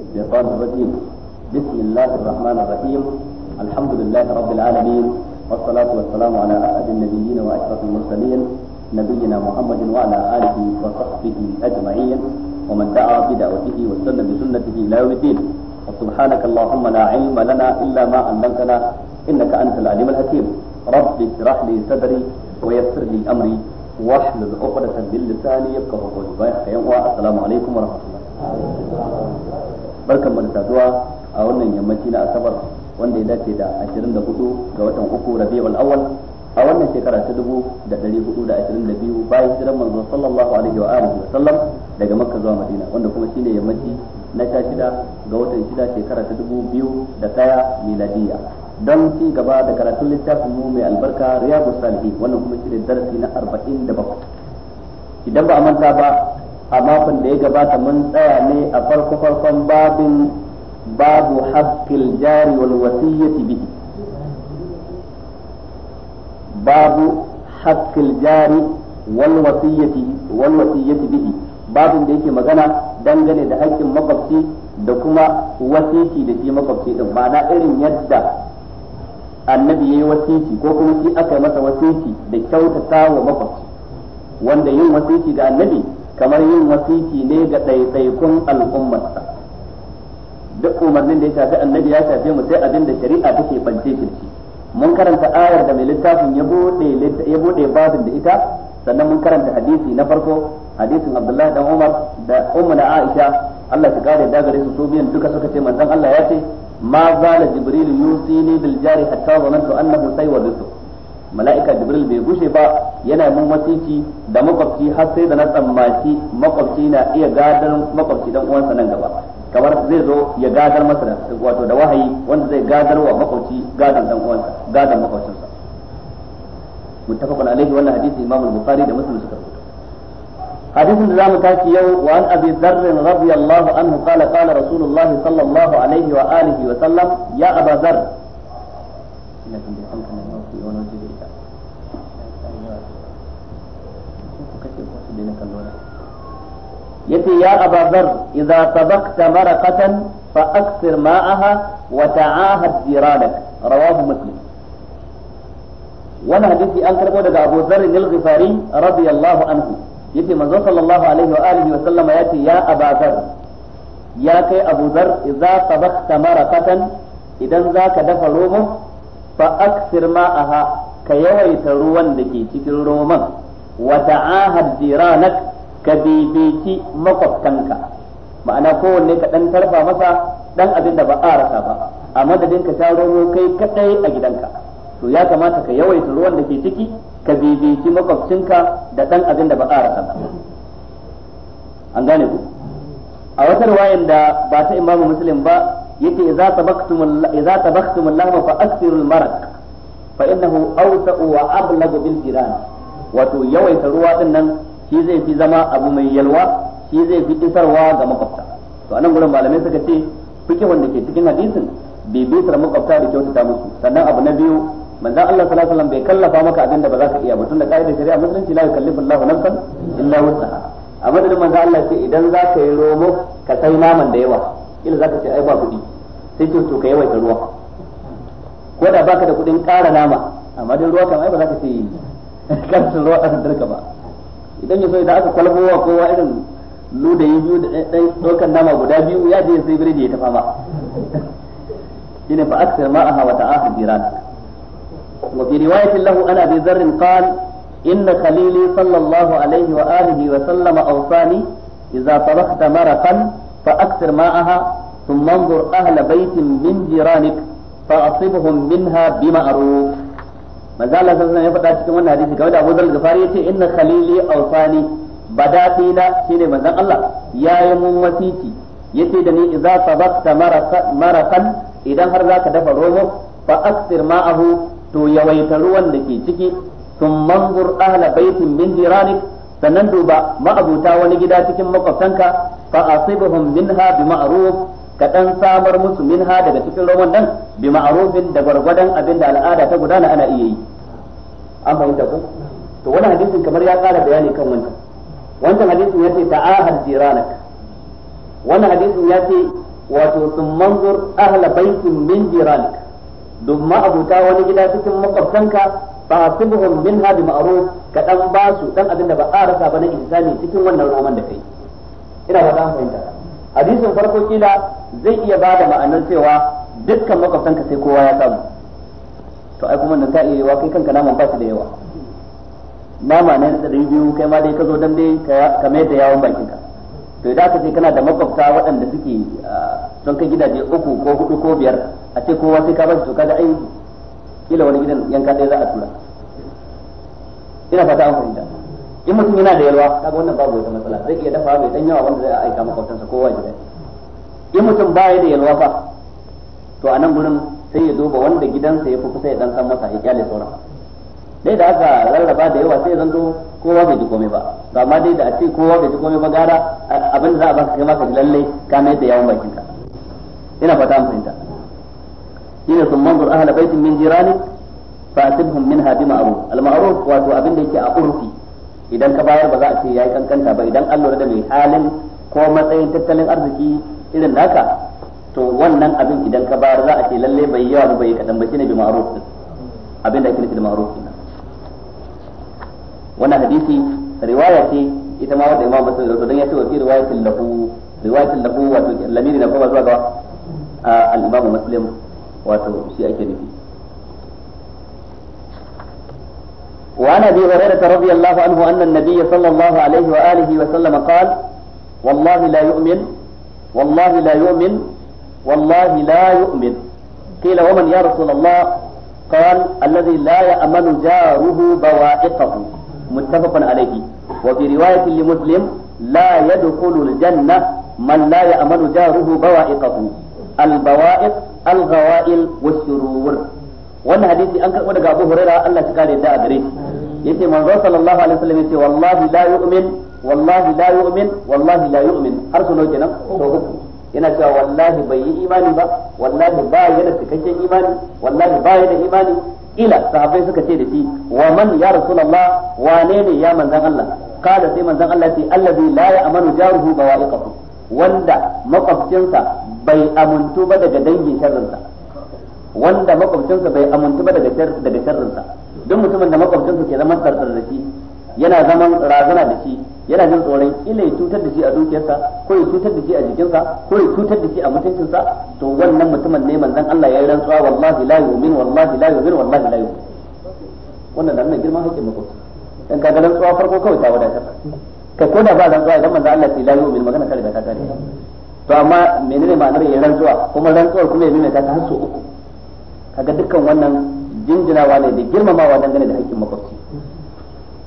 الشيطان الرجيم بسم الله الرحمن الرحيم الحمد لله رب العالمين والصلاة والسلام على أحد النبيين وأشرف المرسلين نبينا محمد وعلى آله وصحبه أجمعين ومن دعا بدعوته واستنى بسنته إلى يوم الدين وسبحانك اللهم لا علم لنا إلا ما علمتنا إنك أنت العليم الحكيم رب اشرح لي صدري ويسر لي أمري واحلل عقدة من لساني يفقه قولي السلام عليكم ورحمة الله barkan mu da saduwa a wannan yammaci na asabar wanda ya dace da 24 ga watan uku rabiul awwal a wannan shekara ta 1422 bayan hijiran manzo sallallahu alaihi wa alihi wa sallam daga makka zuwa madina wanda kuma shine yammaci na shida ga watan shida shekara ta da 2001 miladiya don ci gaba da karatun littafin mu mai albarka riyadu salihin wannan kuma shine darasi na 47 idan ba a manta ba a makon da ya gabata mun tsaya ne a farko farkon babin babu haƙƙil jari wal wasiyyati bihi babu haƙƙil jari wal wasiyyati wal wasiyyati bihi babin da yake magana dangane da haƙƙin makwabci da kuma wasiki da shi makwabci din ma'ana irin yadda annabi yayi wasiki ko kuma shi aka yi masa wasiki da kyautata wa makwabci wanda yin wasiki ga annabi kamar yin wasiki ne ga ɗaiɗaikun al'ummarsa duk umarnin da ya shafi annabi ya shafe mu sai abin da shari'a take bance shi mun karanta ayar da mai littafin ya bude ya bude babin da ita sannan mun karanta hadisi na farko hadisin Abdullah dan Umar da Ummu na Aisha Allah ta kare da gare su su biyan duka suka ce manzon Allah ya ce ma zala jibril yusini bil jari hatta zanantu annahu saywabitu mala'ika jibril bai gushe ba yana mun wasici da makwabci har sai da na tsammaci makwabci na iya gadar makwabci dan uwansa nan gaba kamar zai zo ya gadar masa da wato da wahayi wanda zai gadar wa makwabci gadar dan uwansa gadar makwabcinsa muttafaqun alaihi wannan hadisi imamu bukhari da muslim suka rubuta hadisin da zamu tashi yau wa an abi dharr radiyallahu anhu qala qala rasulullah sallallahu alaihi wa alihi wa sallam ya aba dharr ina tambaye daina kallo na yace ya abazar idza sabaqta maraqatan fa aksir ma'aha wa ta'ahad jiranak rawahu muslim wannan hadisi an karbo daga Abu Dharr al-Ghifari radiyallahu anhu yace manzo sallallahu alaihi wa alihi wa sallama yace ya abazar ya kai Abu Dharr idza sabaqta maraqatan idan zaka dafa romo fa aksir ma'aha ka yawaita ruwan da ke cikin roman wata ahad jiranak ka bibici makwabtanka ma'ana kowanne ka dan tarfa masa dan abin da ba a rasa ba a madadin ka sha romo kai kadai a gidanka to ya kamata ka yawaita ruwan da ke ciki ka bibici makwabcinka da dan abin da ba a rasa ba an gane ku a wata riwayan da ba ta imamu muslim ba yake idza tabaktum idza tabaktum lahma fa aksiru al fa innahu awsa'u wa ablagu bil jiran wato yawaita ruwa din nan shi zai fi zama abu mai yalwa shi zai fi isarwa ga makwabta to anan gurin malamai suka ce fike wanda ke cikin hadisin bibitar makwabta da kyautata musu sannan abu na biyu manzon Allah sallallahu alaihi wasallam bai kallafa maka abin da ba za ka iya ba tunda kaidar shari'a musulunci la yukallifu Allahu nafsan illa wus'aha a madadin manzon Allah sai idan za ka yi romo ka sai naman da yawa kila za ka ce ai ba kuɗi sai ce to ka yawaita ruwa ko da baka da kuɗin ƙara nama amma dai ruwa kan ai ba za ka ce kar su zo aka dirka ba idan ya so idan aka kwalbo wa kowa irin ludayi biyu da ɗan ɗaukar nama guda biyu ya je sai biredi ya tafa ba shine fa aksar ma'aha wa ta'aha jiran wa fi riwayatin lahu ana bi zarrin qala إن خليلي صلى الله عليه وآله وسلم أوصاني إذا طبخت مرقا فأكثر ماءها ثم انظر أهل بيت من جيرانك فأصبهم منها manzo Allah sallallahu alaihi wasallam ya faɗa cikin wannan hadisi game da Abu Dharr Ghifari yace inna khalili awsani badatina shine manzon Allah yayi mun wasiki yace da ni idza sabaqta maraqan idan har zaka dafa romo fa aksir ma'ahu to yawaita ruwan da ke ciki sun manzur ahla baitin min jiranik sannan duba ma'abuta wani gida cikin makwabtanka fa asibuhum minha bi ka dan samar musu minha daga cikin roman nan bi ma'rufin da gwargwadon abin da al'ada ta gudana ana iya yi an fahimta ko to wani hadisin kamar ya kara bayani kan wancan wancan hadisin ya ce ta'ahar jiranak wannan hadisin ya ce wato sun manzur ahla baitin min jiranak domin abuta wani gida cikin makwabtanka fasibuhum minha bi ma'ruf ka dan ba su dan abin da ba a rasa ba na insani cikin wannan roman da kai ina ba dan fahimta hadisin farko kila zai iya ba da ma'anar cewa dukkan makwabtanka sai kowa ya samu to ai kuma nan ta iya yawa kai kanka naman ba shi da yawa nama na da biyu kai ma dai ka zo dan dai ka mai da yawon bakinka to idan aka ce kana da makwabta waɗanda suke ah, sun kai gidaje uku ko hudu ko biyar a ce kowa sai ka ba shi to ga ai kila wani gidan yanka ɗaya za a tura ina fata an fahimta in mutum yana da yalwa kaga wannan babu wata matsala zai iya dafa mai dan yawa wanda zai aika makwabtansa kowa gida in mutum baya da yalwa ba to a nan gurin sai ya duba wanda gidansa ya fi kusa ya dan masa ya kyale sauran dai da aka rarraba da yawa sai ya zanto kowa bai ji komai ba to amma dai da a ce kowa bai ji komai ba gara abin da za a baka kai maka lalle ka mai da yawan bakinka ina fata an fahimta ina sun manzur ahla baitin min jirani fa asibhum minha bi ma'ruf al ma'ruf wato abin da yake a urfi idan ka bayar ba za a ce yayi kankanta ba idan an lura da mai halin ko matsayin tattalin arziki irin naka to wannan abin idan ka bayar za a ce lalle bai yawa ba bai kadan ba shine bi ma'ruf din abin da ake nufi da ma'ruf din wannan hadisi riwaya ce ita ma wanda Imam Muslim rawaito ya ce wa fi riwayatin lahu riwayatin lahu wato lamiri na kuma zuwa ga al-Imam Muslim wato shi ake nufi وعن ابي هريره رضي الله عنه ان النبي صلى الله عليه واله وسلم قال والله لا يؤمن والله لا يؤمن والله لا يؤمن قيل ومن يا رسول الله قال الذي لا يأمن جاره بوائقه متفق عليه وفي رواية لمسلم لا يدخل الجنة من لا يأمن جاره بوائقه البوائق الغوائل والشرور wannan hadisi an karɓo daga Abu Hurairah Allah ya kare da a gare shi yace manzo sallallahu alaihi wasallam yace wallahi la yu'min wallahi la yu'min wallahi la yu'min har su kenan sau uku yana cewa wallahi bai yi imani ba wallahi ba ya da cikakken imani wallahi ba ya da imani ila sahabbai suka ce da shi wa man ya rasulullah wane ne ya manzan Allah kada sai manzan Allah ce allazi la ya'manu jaruhu bawa'iqahu wanda makwabcinsa bai amuntu ba daga dangin sharrinsa wanda makwabcinsa bai amuntu ba daga daga sharrinsa duk mutumin da makwabcinsa ke zaman tsartsar da shi yana zaman razana da shi yana jin tsoron ila ya cutar da shi a dukiyarsa ko ya cutar da shi a jikinsa ko ya cutar da shi a mutuncinsa to wannan mutumin ne manzon Allah ya yi rantsuwa wallahi la yu'min wallahi la yu'min wallahi la yu'min wannan da nan girman hakkin makwabci dan kaga rantsuwa farko kawai ta wadatar kai ko da ba rantsuwa idan manzon Allah ya la yu'min magana ka riga ta kare to amma menene ma'anar ya rantsuwa kuma rantsuwar kuma ya nuna ta hasso uku kaga dukkan wannan jinjinawa ne da girmamawa dangane da hakkin makwabci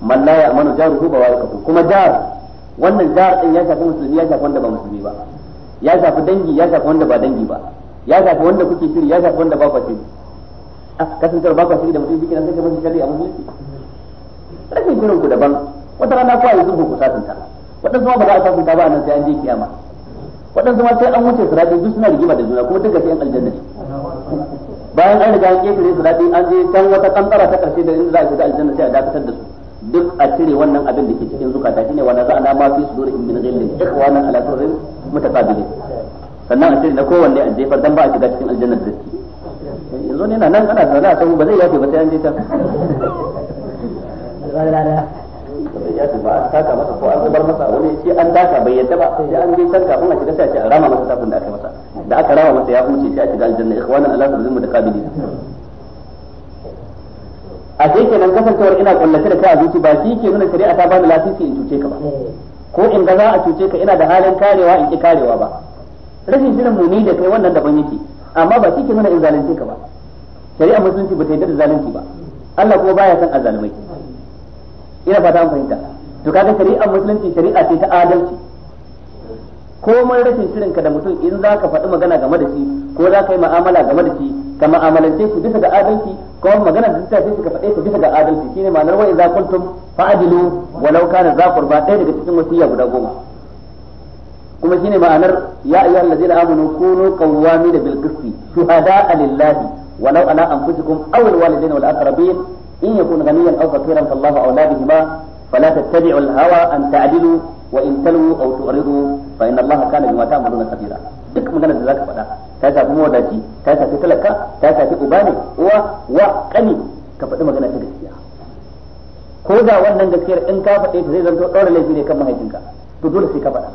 man la ya'manu jaruhu bawarakahu kuma jar wannan jar din ya shafi musulmi ya shafi wanda ba musulmi ba ya shafi dangi ya shafi wanda ba dangi ba ya shafi wanda kuke shiri ya shafi wanda ba ku shiri kasantar ba ku shiri da mutum bikin sai ka musu shari'a musulunci rashin shirin ku daban wata rana ku a yi sulhu ku satunta waɗansu ma ba za a ta ba nan sai an je kiyama waɗansu ma sai an wuce sirati duk suna rigima da juna kuma duka sai an aljanna ne bayan an riga an kefire sirati an je can wata kantara ta ƙarshe da inda za a shiga aljanna sai a dakatar da su duk a cire wannan abin da ke cikin zukata shine wa naza'na ma fi in min ghillin ikhwanan ala sururin mutaqabilin sannan a cire na kowanne a jefa dan ba a shiga cikin da rizki yanzu ne na nan ana zaune a sahu ba zai yafe ba sai an je can ya ce ba an taka masa ko an zubar masa wani ce an taka bai yadda ba sai an je can kafin a shiga sai a ce a rama masa tafin da aka masa da aka rama masa ya huce sai a shiga aljanna ikhwanan ala sururin mutaqabilin a sai kenan kasancewar ina kullace da kai a zuci ba shi ke nuna shari'a ta bani lasisi in cuce ka ba ko in ga za a cuce ka ina da halin karewa in ki karewa ba rashin shirin muni da kai wannan daban yake amma ba shi ke nuna in zalunce ka ba shari'a musulunci ba ta yadda da zalunci ba Allah kuma baya son azalmai ina fata an fahimta to kaga shari'a musulunci shari'a ce ta adalci komai rashin shirin ka da mutum in za ka faɗi magana game da shi ko za ka yi ma'amala game da shi ka ma'amalance shi bisa ga adalci ko magana da ta shi ka faɗe ta bisa ga adalci shine ma'anar wa idza kuntum fa'dilu walau kana za qurba ɗaya daga cikin wasiya guda goma kuma shine ma'anar ya ayyuhal ladzina amanu kunu da bil qisti a lillahi walau ala anfusikum aw al walidayni wal aqrabin in yakun ghaniyan aw faqiran fallahu awla bihima fala tattabi'u al hawa an ta'dilu wa in talu aw tu'ridu fa inna allaha kana bima ta'maluna khabira duk magana da zaka faɗa ta shafi mawadaci ta shafi talaka ta shafi uba ne uwa wa kani ka faɗi magana ta gaskiya ko da wannan gaskiyar in ka faɗe ta zai zanto ɗaura laifi ne kan mahaifinka to dole sai ka faɗa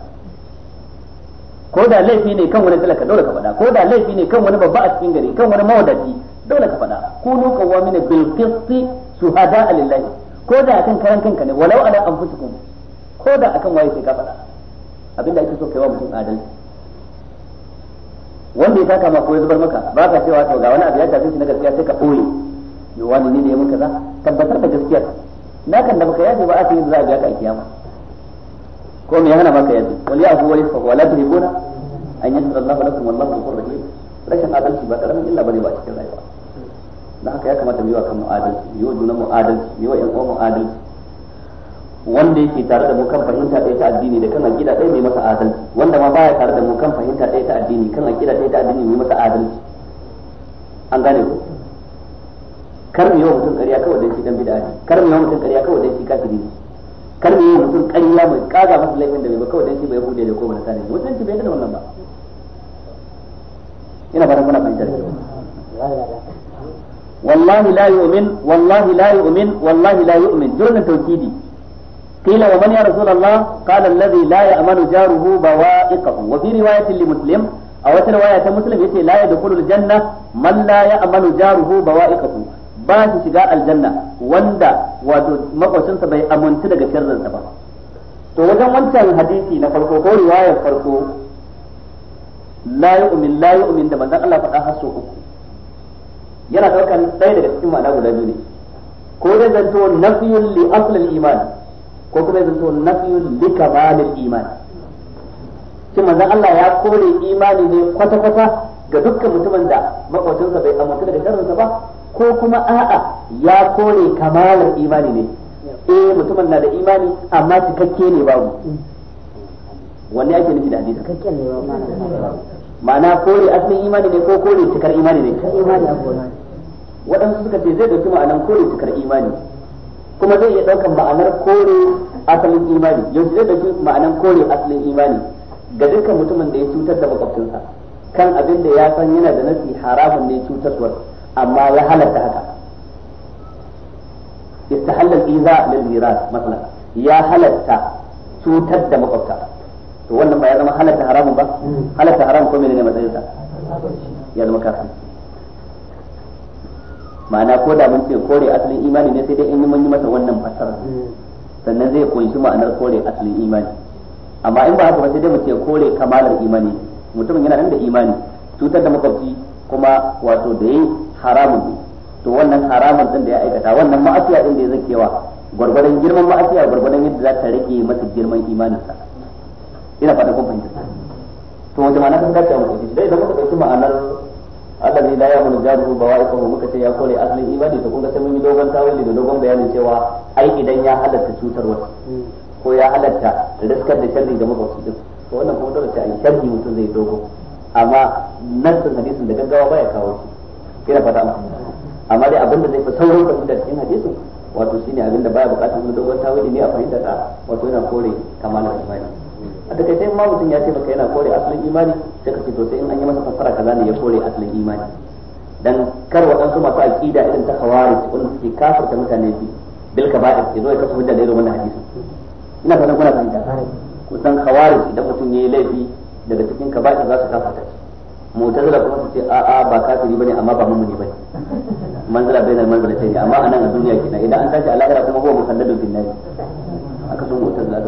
ko da laifi ne kan wani talaka dole ka faɗa ko da laifi ne kan wani babba a cikin gari kan wani mawadaci dole ka faɗa kunu qawwamina bil qisti shuhada lillahi ko da kan karan kanka ne walau ala anfusikum ko da akan waye sai ka faɗa abinda ake so kai wa mutum adalci wanda ya taka ma ko ya zubar maka ba ka cewa to ga wani abu ya tafi shi na gaskiya sai ka ɓoye yo wani ne da ya mun kaza tabbatar da gaskiya na kan da baka yafe ba aka yi za a biya ka a kiyama ko me hana maka yafe wali yafu wal yasfa wala ribuna an yasra Allahu lakum wallahu ghafurur rahim rashin adalci ba karamin illa bane ba cikin rayuwa dan haka ya kamata mu yi wa kanmu adalci mu yi wa junan mu adalci mu yi wa ƴan uwan mu adalci wanda yake tare da mu kan fahimta ɗaya ta addini da kan aƙida ɗaya mai masa adalci wanda ma baya tare da mu kan fahimta ɗaya ta addini kan aƙida ɗaya ta addini mai masa adalci an gane ku kar mu yawa mutum ƙarya kawai dan shi dan bid'a ne kar mu yawa mutum ƙarya kawai dan shi kafiri ne kar mu yawa mutum ƙarya mai kaga masa laifin da bai ba kawai dan shi bai hude da ko ba nasara ne mutum bai da wannan ba ina ba muna fahimta da kyau wallahi la yu'min wallahi la yu'min wallahi la yu'min dole tawkidi قيل ومن يا رسول الله قال الذي لا يأمن جاره بوائقه وفي رواية لمسلم أو رواية مسلم يتي لا يدخل الجنة من لا يأمن جاره بوائقه ba shi shiga aljanna wanda wato makwacinsa bai amintu daga sharrinsa ba to wajen wancan hadisi na farko ko riwayar farko la yu'min la yu'min da manzon Allah faɗa har uku yana daukan ɗaya daga cikin ma'ana guda biyu ne ko dai zanto nafiyun li aslil iman ko kuma zanto duka ba da iman shin manzon Allah ya kore imani ne kwata kwata ga dukkan mutumin da makwacinsa bai amintu daga sharrinsa ba ko kuma a'a ya kore kamalar imani ne eh mutumin na da imani amma cikakke ne babu wanne ake nufi da hadisi cikakken ne babu ma'ana kore asalin imani ne ko kore cikar imani ne waɗansu suka ce zai dauki ma'anan kore cikar imani kuma zai iya daukan ma'anar kore asalin imani yanzu zai dauki ma'anar kore asalin imani ga dukkan mutumin da ya cutar da makwabcinsa kan abin da ya san yana da nasi haramun ne su amma ya halatta haka istahalla al-iza lil miras masalan ya halatta cutar da makwabta to wannan ba ya zama halatta haramun ba hmm. halatta haramun ko menene matsayin sa ya zama kafin ma'ana ko da mun ce kore asalin imani ne sai dai in yi mun yi masa wannan fasara sannan zai kunshi ma'anar kore asalin imani amma in ba haka ba sai dai mu ce kore kamalar imani mutumin yana nan da imani cutar da makwabci kuma wato da yin haramun ne to wannan haramun din da ya aikata wannan ma'afiya din da ya zakewa gwargwadon girman ma'afiya gwargwadon yadda za ta rage masa girman imaninsa ina fata kun fahimta to wata ma'ana kan kace mu dai idan muka ɗauki ma'anar allazi la ba jaruhu bawa'iqahu muka ce ya kore asalin imani to kun ga sai mun yi dogon tawali da dogon bayanin cewa ai idan ya halatta cutarwa ko ya halatta riskar da sharri ga makwabci din to wannan kuma dole sai ai sharri mutum zai dogo amma nan sun hadisin da gaggawa baya kawo shi ina fata amma amma dai abinda zai fi saurin fahimta cikin hadisin wato shine abinda baya bukatar wani dogon tawali ne a fahimta ta wato yana kore kamalar imani a daga sai ma mutum ya ce baka yana kore asalin imani sai ka ce to sai in an yi masa fassara kaza ne ya kore asalin imani dan kar waɗansu masu aqida irin ta khawarij wanda suke kafirta mutane bi bil kaba'ir ya zo ya kasu hujja da irin wannan hadisi ina fatan kuna fahimta ko san khawarij idan mutum yayi laifi daga cikin kaba'ir za su ta mu'tazila kuma su ce a'a ba kafiri bane amma ba mumuni bane manzala bainal manzalatayn amma anan a duniya kina idan an tashi a kuma huwa musalladun fil nar aka sun mu'tazila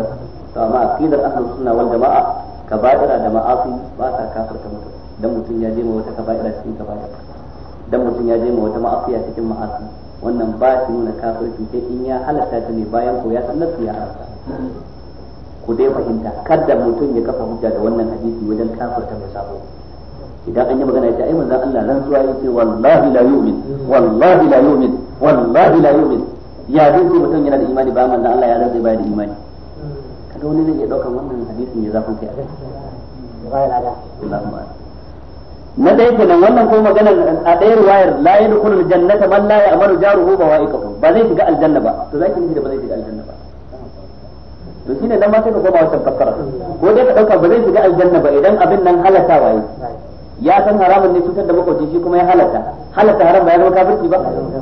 to amma aqidar ahlus sunna wal jamaa kaba'ira da ma'asi ba sa ta mutum dan mutum ya je ma wata kaba'ira cikin kaba'ira dan mutum ya je ma wata a cikin ma'asi wannan ba shi nuna kafirci sai in ya halatta ta ne bayan ko ya san ya halatta ku dai fahimta kada mutum ya kafa hujja da wannan hadisi wajen kafir ta sabo idan an yi magana ya ce ai manzon Allah ran zuwa yace wallahi la yu'min wallahi la yu'min wallahi la yu'min ya dinki mutum yana da imani ba manzon Allah ya rantsa ba da imani ga wani zai iya daukan wannan hadisin ya zafin kai a kai na ɗaya kenan wannan ko maganar a ɗaya wayar la ya dukulu jannata man la ya amaru jaruhu ba wa'iqahu ba zai shiga aljanna ba to ki nufi da ba zai shiga aljanna ba to shine nan ma sai ka koma wancan fakkara ko dai ka dauka ba zai shiga aljanna ba idan abin nan halata waye ya san haramun ne cutar da makwabci shi kuma ya halata halata haram ba ya zama kafirci ba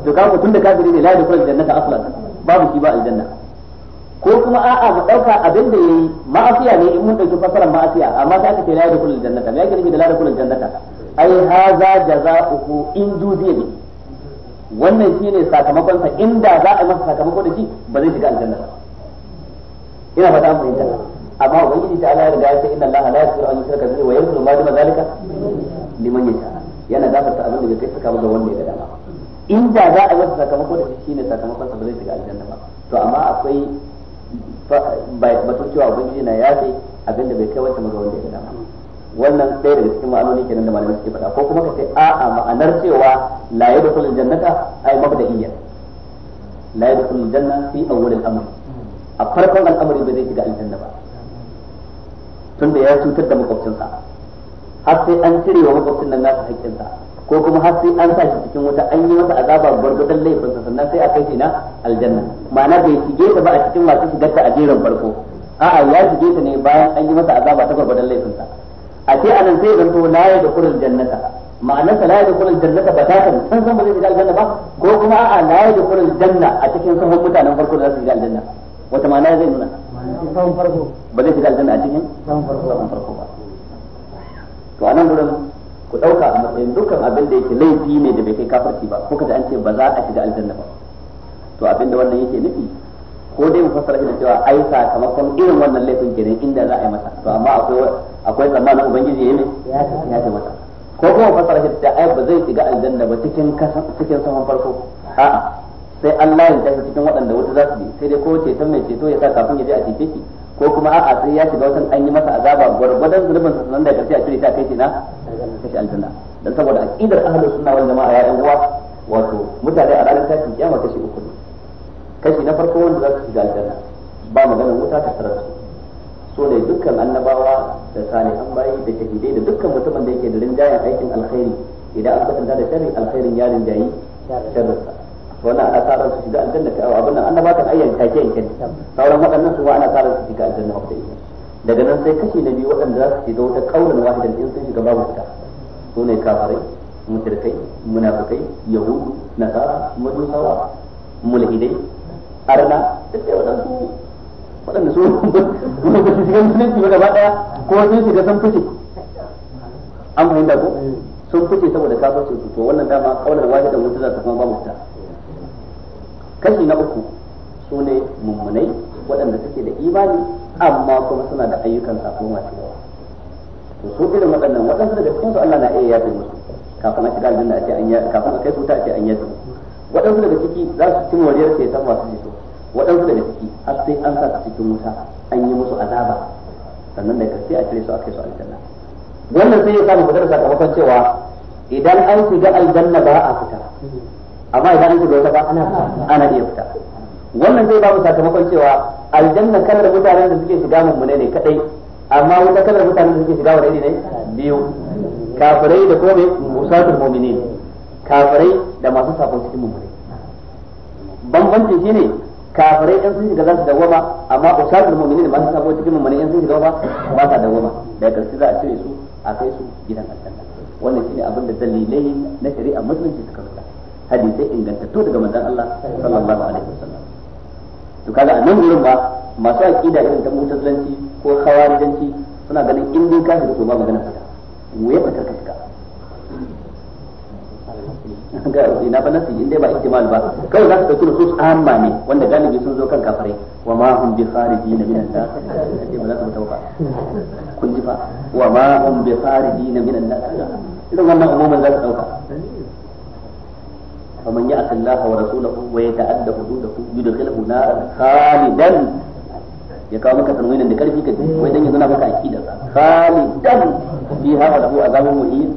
to ka tun da kafiri ne la ya dukulu jannata aslan babu shi ba aljanna ko kuma a'a mu dauka abin da yayi ma'afiya ne in mun dauki fasaran ma'afiya amma sai aka ce la yadkhulul jannata me yake nufi da la yadkhulul jannata ai haza jazaohu in dudiya wannan shine sakamakon sa inda za a masa sakamako da shi ba zai shiga aljanna ba ina fata mu fahimta amma ubangiji ta Allah ya riga ya ce inna Allah la yaghfiru an yushraka bihi wa yaghfiru ma duna zalika liman yasha yana gafarta abin da zai kai saka ba ga wanda ya in inda za a masa sakamako da shi shine sakamakon sa ba zai shiga aljanna ba to amma akwai batun cewa ubangiji na yafe abin da bai kai wancan maza wanda ya dama wannan ɗaya daga cikin ma'anoni kenan da malamai suke faɗa ko kuma ka ce a'a ma'anar cewa la yadkhulul jannata ay mabda'iyya la yadkhulul janna fi awwal al-amr a farkon al'amari bai zai shiga aljanna ba tunda ya cutar da makwabcinsa har sai an cire wa makwabcin nan nasa haƙƙinsa ko kuma har sai an sa shi cikin wuta an yi masa azaba gwargwadon laifin sa sannan sai a kai shi na aljanna ma'ana bai shige ta ba a cikin masu shigar ta a jerin farko a'a ya shige ta ne bayan an yi masa azaba ta gwargwadon laifin sa a ce anan sai to la ya dukhulul jannata ma'ana sa la da dukhulul jannata ba ta san san san ba zai shiga aljanna ba ko kuma a'a la ya dukhulul janna a cikin sahun mutanen farko da za su shiga aljanna wata ma'ana zai nuna ba zai shiga aljanna a cikin sahun farko ba to anan gurin ku dauka a matsayin dukkan abin da yake laifi ne da bai kai kafarci ba ko kada an ce ba za a shiga aljanna ba to abin da wannan yake nufi ko dai mu fassara shi da cewa ai sakamakon irin wannan laifin kenan inda za a yi masa to amma akwai akwai zamanin ubangiji yayi ne ya ce masa ko kuma fassara shi da ai ba zai shiga aljanna ba cikin cikin saman farko a sai Allah ya tashi cikin waɗanda wuta za su bi sai dai ko ceton mai ceto ya sa kafin ya je a cece shi ko kuma a'a sai ya shiga wasan an yi masa azaba gwargwadon zulubin sa sanan da karshe a cire ta kai kina kashi aljanna dan saboda aqidar ahlus sunna wal jama'a ya yan uwa wato mutane a ranar tashin kiyama kashi uku ne kashi na farko wanda za su shiga aljanna ba maganar wuta ta tarar su so ne dukkan annabawa da salihan bayi da shahidai da dukkan mutumin da yake da rinjayen aikin alkhairi idan an kwatanta da sharri alkhairin ya rinjayi sharrinsa wannan ana sa ran su shiga aljanna ta abin nan annaba ta ayyan take yankin sauran waɗannan su ba ana sa ran su shiga aljanna ba dai daga nan sai kashi na biyu waɗanda za su shiga wata kaulan wahidan in sun shiga babu ta su ne kafirai mutirkai munafikai yahudu nasara majusawa mulhidai arna duk da waɗansu waɗanda su ba su shiga musulunci ba gaba ɗaya ko sun shiga sun fice an fahimta ko sun fice saboda kafirci to wannan dama kaulan wahidan wanda za ta kuma babu ta kashi na uku su ne mummunai waɗanda suke da imani amma kuma suna da ayyukan sako masu yawa to su irin waɗannan waɗansu daga cikinsu Allah na iya yafe musu kafin a shiga aljanna a ce an yafe kafin a kai su ta a ce an yafe waɗansu daga ciki za su cin wariyar sai san masu jito waɗansu daga ciki har sai an sa su cikin wuta an yi musu azaba sannan daga sai a cire su a kai su aljanna wannan sai ya samu fitar sakamakon cewa idan an shiga aljanna ba a fita amma idan an shiga wata ba ana iya fita wannan zai ba mu sakamakon cewa aljanna kalar mutanen da suke shiga mummune ne kadai amma wata kalar mutanen da suke shiga wa ne biyu kafirai da kome musafir mu'minin kafirai da masu safon cikin ne bambancin shine kafirai in sun shiga za su dawama amma usatul mu'minin masu safon cikin ne in sun shiga ba ba sa dawama daga karshe za a cire su a kai su gidan aljanna wannan shine abin da dalilai na shari'a musulunci suka hadisai ingantattu daga manzon Allah sallallahu alaihi wasallam to kaga a nan gurin ba masu aqida irin ta mutazilanci ko khawarijanci suna ganin in dai ka shiga to ba magana fita mu ba ka fita ga ina ba nasu in dai ba ihtimal ba kawai za su dauki nusus amma ne wanda galibi sun zo kan kafare. wa ma hum bi kharijin min an-nar sai ba za su tauka, kun ji ba wa ma hum bi kharijin min an-nar irin wannan umuman za su tauka. فمن يعص الله ورسوله ويتعدى حدوده يدخله نارا خالدا ya kawo maka tanwinin da karfi ka wai dan ya nuna maka akida khalidan fiha wa lahu azabun muhin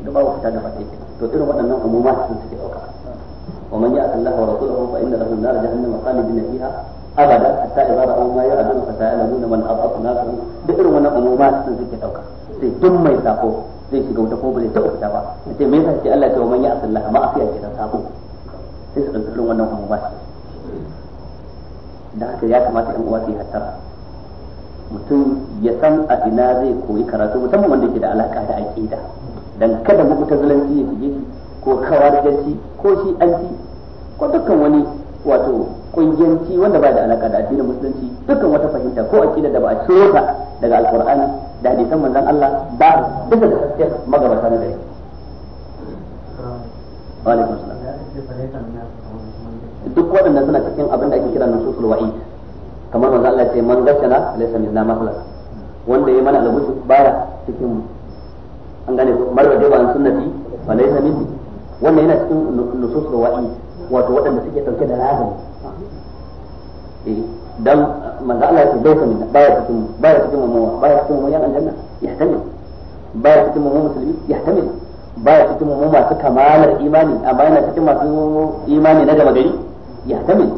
da ba fita da fate to irin waɗannan umuma sun suke dauka wa man ya'a Allah wa rasulahu fa inna lahu nar jahannam khalidina fiha abada hatta idza ra'aw ma ya'dun fa ta'lamuna man abqa da irin wannan umuma su suke dauka sai duk mai sako zai shiga wuta ko ba zai taɓa fita ba ya ce me yasa ce Allah ta wa man ya asalla amma a fiya da sabo sai su ɗauki irin wannan kuma ba da haka ya kamata ɗan uwa su yi hattara mutum ya san a ina zai koyi karatu musamman wanda ke da alaka da aƙida dan kada zalanci ya shige shi ko jarci ko shi an ci ko dukkan wani wato kungiyanci wanda ba da alaka da addinin musulunci dukkan wata fahimta ko aƙida da ba a ciro ta daga alkur'ani da hadisan manzon Allah da duka da hasken magabata na dare wa alaikum salam duk waɗannan suna cikin abin da ake kira nususul wa'id kamar manzo Allah ce man gashana laysa minna mahlas wanda ya mana ba baya cikin an gane ko marwa da ban sunnati fa laysa minni wannan yana cikin da wa'id wato waɗanda suke dauke da razani eh dan manzo Allah ya ce bai san baya cikin baya cikin mu baya cikin mu yan aljanna yahtamil baya cikin mu musulmi masu kamalar imani amma yana cikin masu imani na gaba gari yahtamil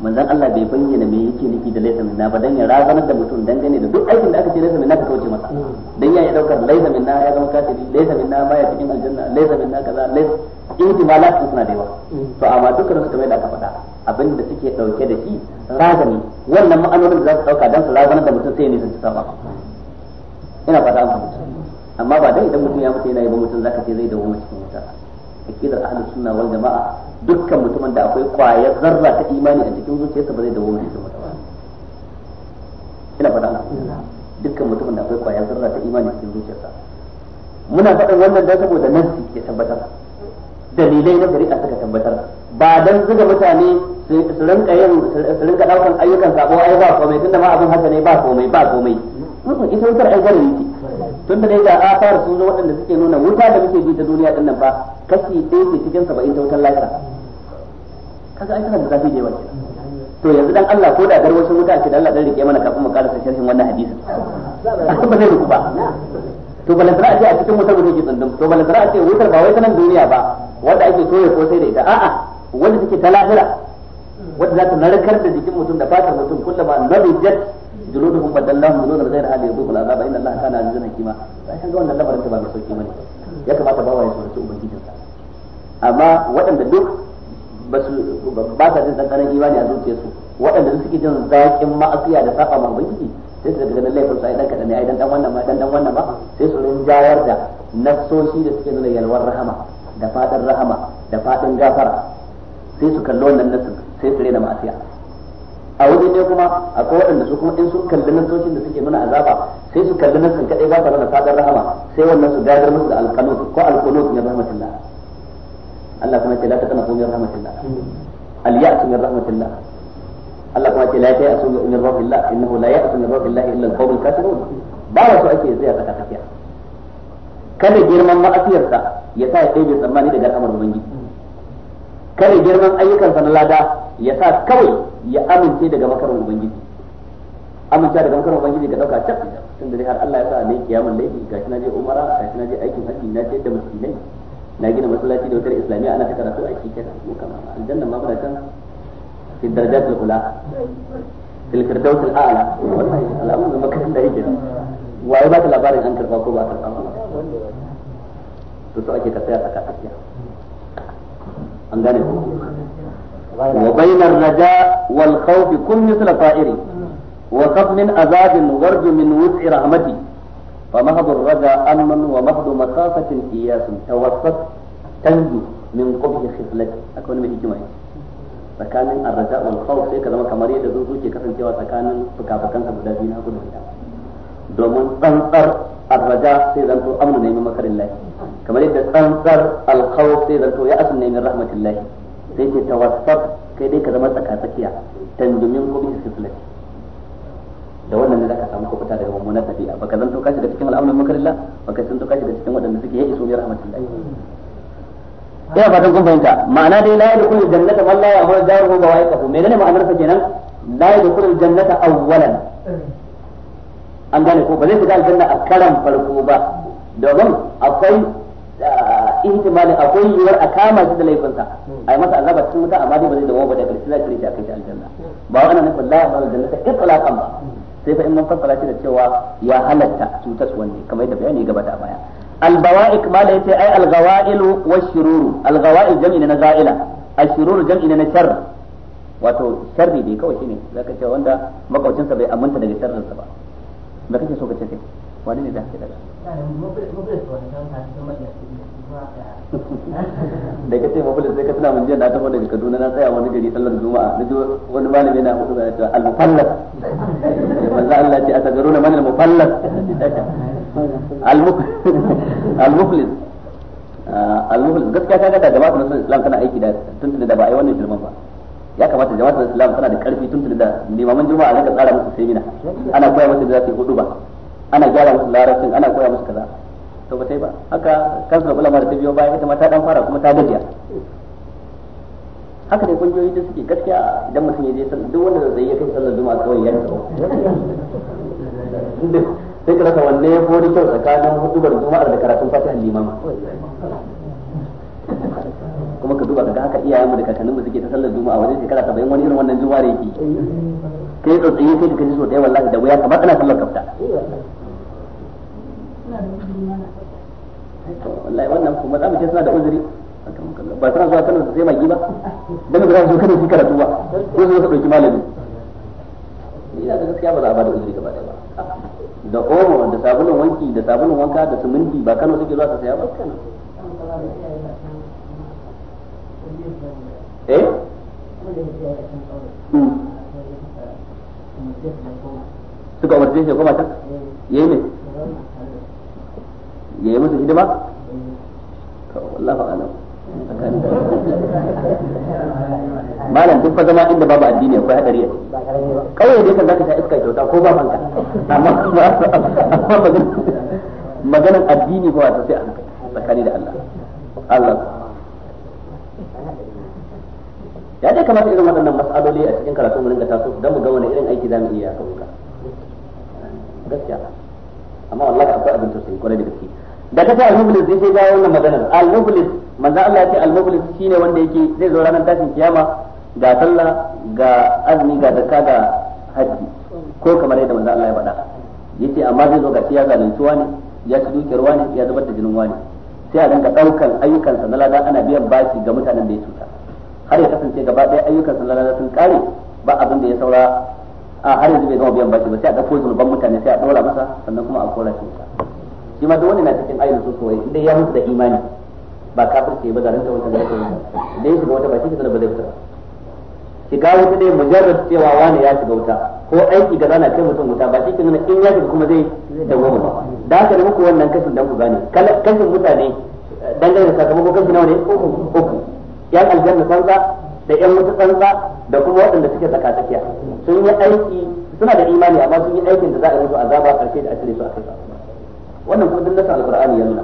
manzon Allah bai bayyana me yake da laisa minna ba dan ya razanar da mutum dangane duk aikin da aka ce laisa minna ka kauce masa dan ya yi daukar laisa minna ya zama kafiri laisa minna baya cikin aljanna laisa minna kaza laisa ihtimalat suna da yawa to amma dukkan su kamar da aka faɗa abin da suke dauke da shi razani wannan ma'anonin da za su dauka dan su razanar da mutum sai ne sun saba ina fata an fahimta amma ba dai idan mutum ya mutu yana yi ba mutum zaka ce zai dawo cikin wuta akidar ahlus sunna wal jama'a dukkan mutumin da akwai kwayar zarra ta imani a cikin zuciyarsa ba zai dawo cikin wuta ba ina fata an fahimta dukkan mutumin da akwai kwayar zarra ta imani a cikin zuciyarsa muna faɗin wannan dan saboda nafsi ya tabbatar dalilai na shari'a suka tabbatar ba dan zuga mutane su rinka yin su rinka daukan ayyukan sabo ai ba komai tunda ma abin haka ne ba komai ba komai mutum ita wutar ai gari ne tunda dai ga asar sun zo waɗanda suke nuna wuta da muke bi ta duniya din nan ba kashi ɗaya ke cikin saba'in ta wutar lafiya kaga an kana da zafi da wani to yanzu dan Allah ko da garwashin wuta ke da Allah dan rike mana kafin mu karasa sharhin wannan hadisin ba zai ruku ba to balantana a ce a cikin wutar wuta ke tsundum to balantana a ce wutar ba wai ta nan duniya ba wanda ake toye ko sai da ita a'a wanda take ta lahira wanda za ta narkar da jikin mutum da fatar mutum kullama nabijat juluduhum da juludan ya hadi yadhuqu al'azaba inda allaha kana azizan hakima ba kan ga wannan lamarin ta ba mai sauki mani. ya kamata bawa ya tsoraci ubangijin sa amma waɗanda duk ba su ba ta jin tsakanin imani a zuciyarsu waɗanda suke jin zaƙin ma'asiya da saɓa ma ubangiji sai su daga laifin sai dan kadan ne ai dan dan wannan ma dan dan wannan ba sai su jayar da nassoshi da suke nuna yalwar rahama da fadin rahama da fadin gafara sai su kalli wannan nasu sai su rena ma'asiya a wajen ne kuma akwai waɗanda su kuma in sun kalli nassoshin da suke nuna azaba sai su kalli nassin kadai ba tare da fadin rahama sai wannan su gadar musu da alqanut ko alqunut min rahmatullah Allah kuma ya ce la taqnatu rahmatullah rahmatillah al ya'tu min rahmatillah Allah kuma ce la ya asu min rabbillah innahu la ya'tu min rabbillah illa al-qawmul kafirun ba wa so ake zai tsaka tsakiya kada girman ma'asiyarsa ya sa ya kai bai tsammani daga al'amar ubangiji kada girman ayyukansa na lada ya sa kawai ya amince daga makarar ubangiji amince daga makarar ubangiji ka dauka can tun da har Allah ya sa ne kiyamul laifi gashi na je umara gashi na je aikin hajji na ce da miskinai na gina masallaci da wutar islamiyya ana ta karatu a shi kenan mu kama aljanna ma muna can في الدرجات الأولى في الفردوس الأعلى والله الأمر المكان ده يجي وعيبات الأبارين أنت الباكو بات الأمر تسوأك كثير أكاكسيا أنجاني وبين الرجاء والخوف كن مثل طائري وخف من عذاب ورد من وسع رحمتي فمهض الرجاء أمن ومهض مخافة إياس توسط تنجو من قبح خصلتي أكون من إجمعين tsakanin arraja wal khawf sai ka zama kamar yadda zuzu ke kasancewa tsakanin fukafukan ka guda biyu na hagu da domin tsantsar arraja sai zanto na yi min makarillahi kamar yadda tsantsar al khawf sai zanto ya asun yi rahmatin rahmatillahi sai ke tawassat kai dai ka zama tsakatsakiya tandumin ko bi sifilati da wannan ne zaka samu kubuta daga mummunar tafiya baka zanto kashi da cikin al'amuran makarilla baka zanto kashi da cikin waɗanda suke ya iso ne rahmatillahi ina fatan kun fahimta ma'ana dai la yadkhulu jannata man la ya'malu jaruhu bawa'iqahu menene ma'anar sa kenan la yadkhulu jannata awwalan an gane ko ba zai shiga aljanna a karan farko ba domin akwai ah, ihtimali akwai yiwuwar a kama shi da laifinsa a yi masa azaba cikin wuta amma dai ba zai dawo ba da karshe za a kire a kai shi aljanna ba wa ana nufin la ya'malu jannata itlaqan ba sai fa in mun fassara shi da cewa ya halatta cutas wanne kamar yadda bayani gabata a baya albawaik ما ليس أي الغوائل والشرور الغوائل جمع na غائلة الشرور جمع na شر wato sharri bai kawai shine zaka ce wanda makaucinsa bai aminta daga sharrinsa ba me kake so ka ce kai wani ne za ka daga da ka ce mobilis sai ka tuna mun jiya na taho daga kaduna na tsaya wani gari sallar juma'a na ji wani malami yana hudu da ce al-mufallas manzo Allah ce a atagaruna man al-mufallas al-muflis al-muflis gaskiya ga da jama'atul nasarar islam tana aiki da tuntun da ba a yi wannan shirman ba ya kamata jama'atul islam tana da karfi tuntun da limaman juma'a rinka tsara musu semina ana koya musu da za su yi hudu ba ana gyara musu larabcin ana koya musu kaza to ba sai ba haka kansu da ulama da ta biyo baya ita ma ta dan fara kuma ta gajiya haka dai kungiyoyi da suke gaskiya idan mutum ya je san duk wanda zai yi kai sallar juma'a kawai ya kawo sai ka rasa wanne ya fi wani kyau tsakanin hudubar juma'ar da karatun fatihar limama kuma ka duba kaga haka mu da mu suke ta sallar juma'a wajen shekara saba'in wani irin wannan juma'a yake yi tsotsi kai ka kaji so da wallahi da wuya kamar ana sallar kafta wallahi wannan kuma za mu ce suna da uzuri ba su ba ko su malami ina da gaskiya ba za a ba da uzuri da sabulun wanki da sabulun wanka da siminti ba kano suke zuwa su saya ba kano Eh? suka umarce shi ya koma can yayi ne yayi musu hidima to wallahi malam duk fa zama inda babu addini akwai hadari a kawai dai kan zaka sha iska kyauta ko ba fanka amma amma maganar addini ba wato sai a tsakani da Allah Allah ya dai kamata irin waɗannan mas'aloli a cikin karatun mu ga taso dan mu ga wani irin aiki zamu iya kawo ka gaskiya amma wallahi akwai abin tausayi kwarai da gaske da kace al-mublis zai sai dawo wannan maganar al-mublis manzo Allah ya ce al-mublis shine wanda yake zai zo ranar tashin kiyama ga sallah ga azumi ga zakka ga hajji ko kamar yadda manzo Allah ya faɗa yace amma zai zo ga ya zalunci ne ya ci dukiyar ne ya zubar da jinin wani sai a dinga daukan ayyukansa na lada ana biyan bashi ga mutanen da ya cuta har ya kasance gaba ɗaya ayyukan sun lalata sun kare ba abin da ya saura a har yanzu bai gama biyan bashi ba sai a ɗauko zunuban mutane sai a ɗora masa sannan kuma a kora shi shi ma duk wani na cikin ayyukan su soyayya idan ya mutu da imani ba kafirce ba garin ta wata ta yake idan ya shiga wata ba shi ke ba zai fita shiga wata dai mujarrad cewa wani ya shiga wuta ko aiki ga zana kai mutum wuta ba shi ke nuna in ya shiga kuma zai dawo ba da haka ne muku wannan kashin dan ku gane kashin mutane dangane da sakamako kashi nawa ne uku yan aljanna tsantsa da yan mutu tsantsa da kuma waɗanda suke tsaka tsakiya sun yi aiki suna da imani amma sun yi aikin da za a yi musu azaba karshe da asiri su a kai wannan kuma dindasa alqur'ani ya nuna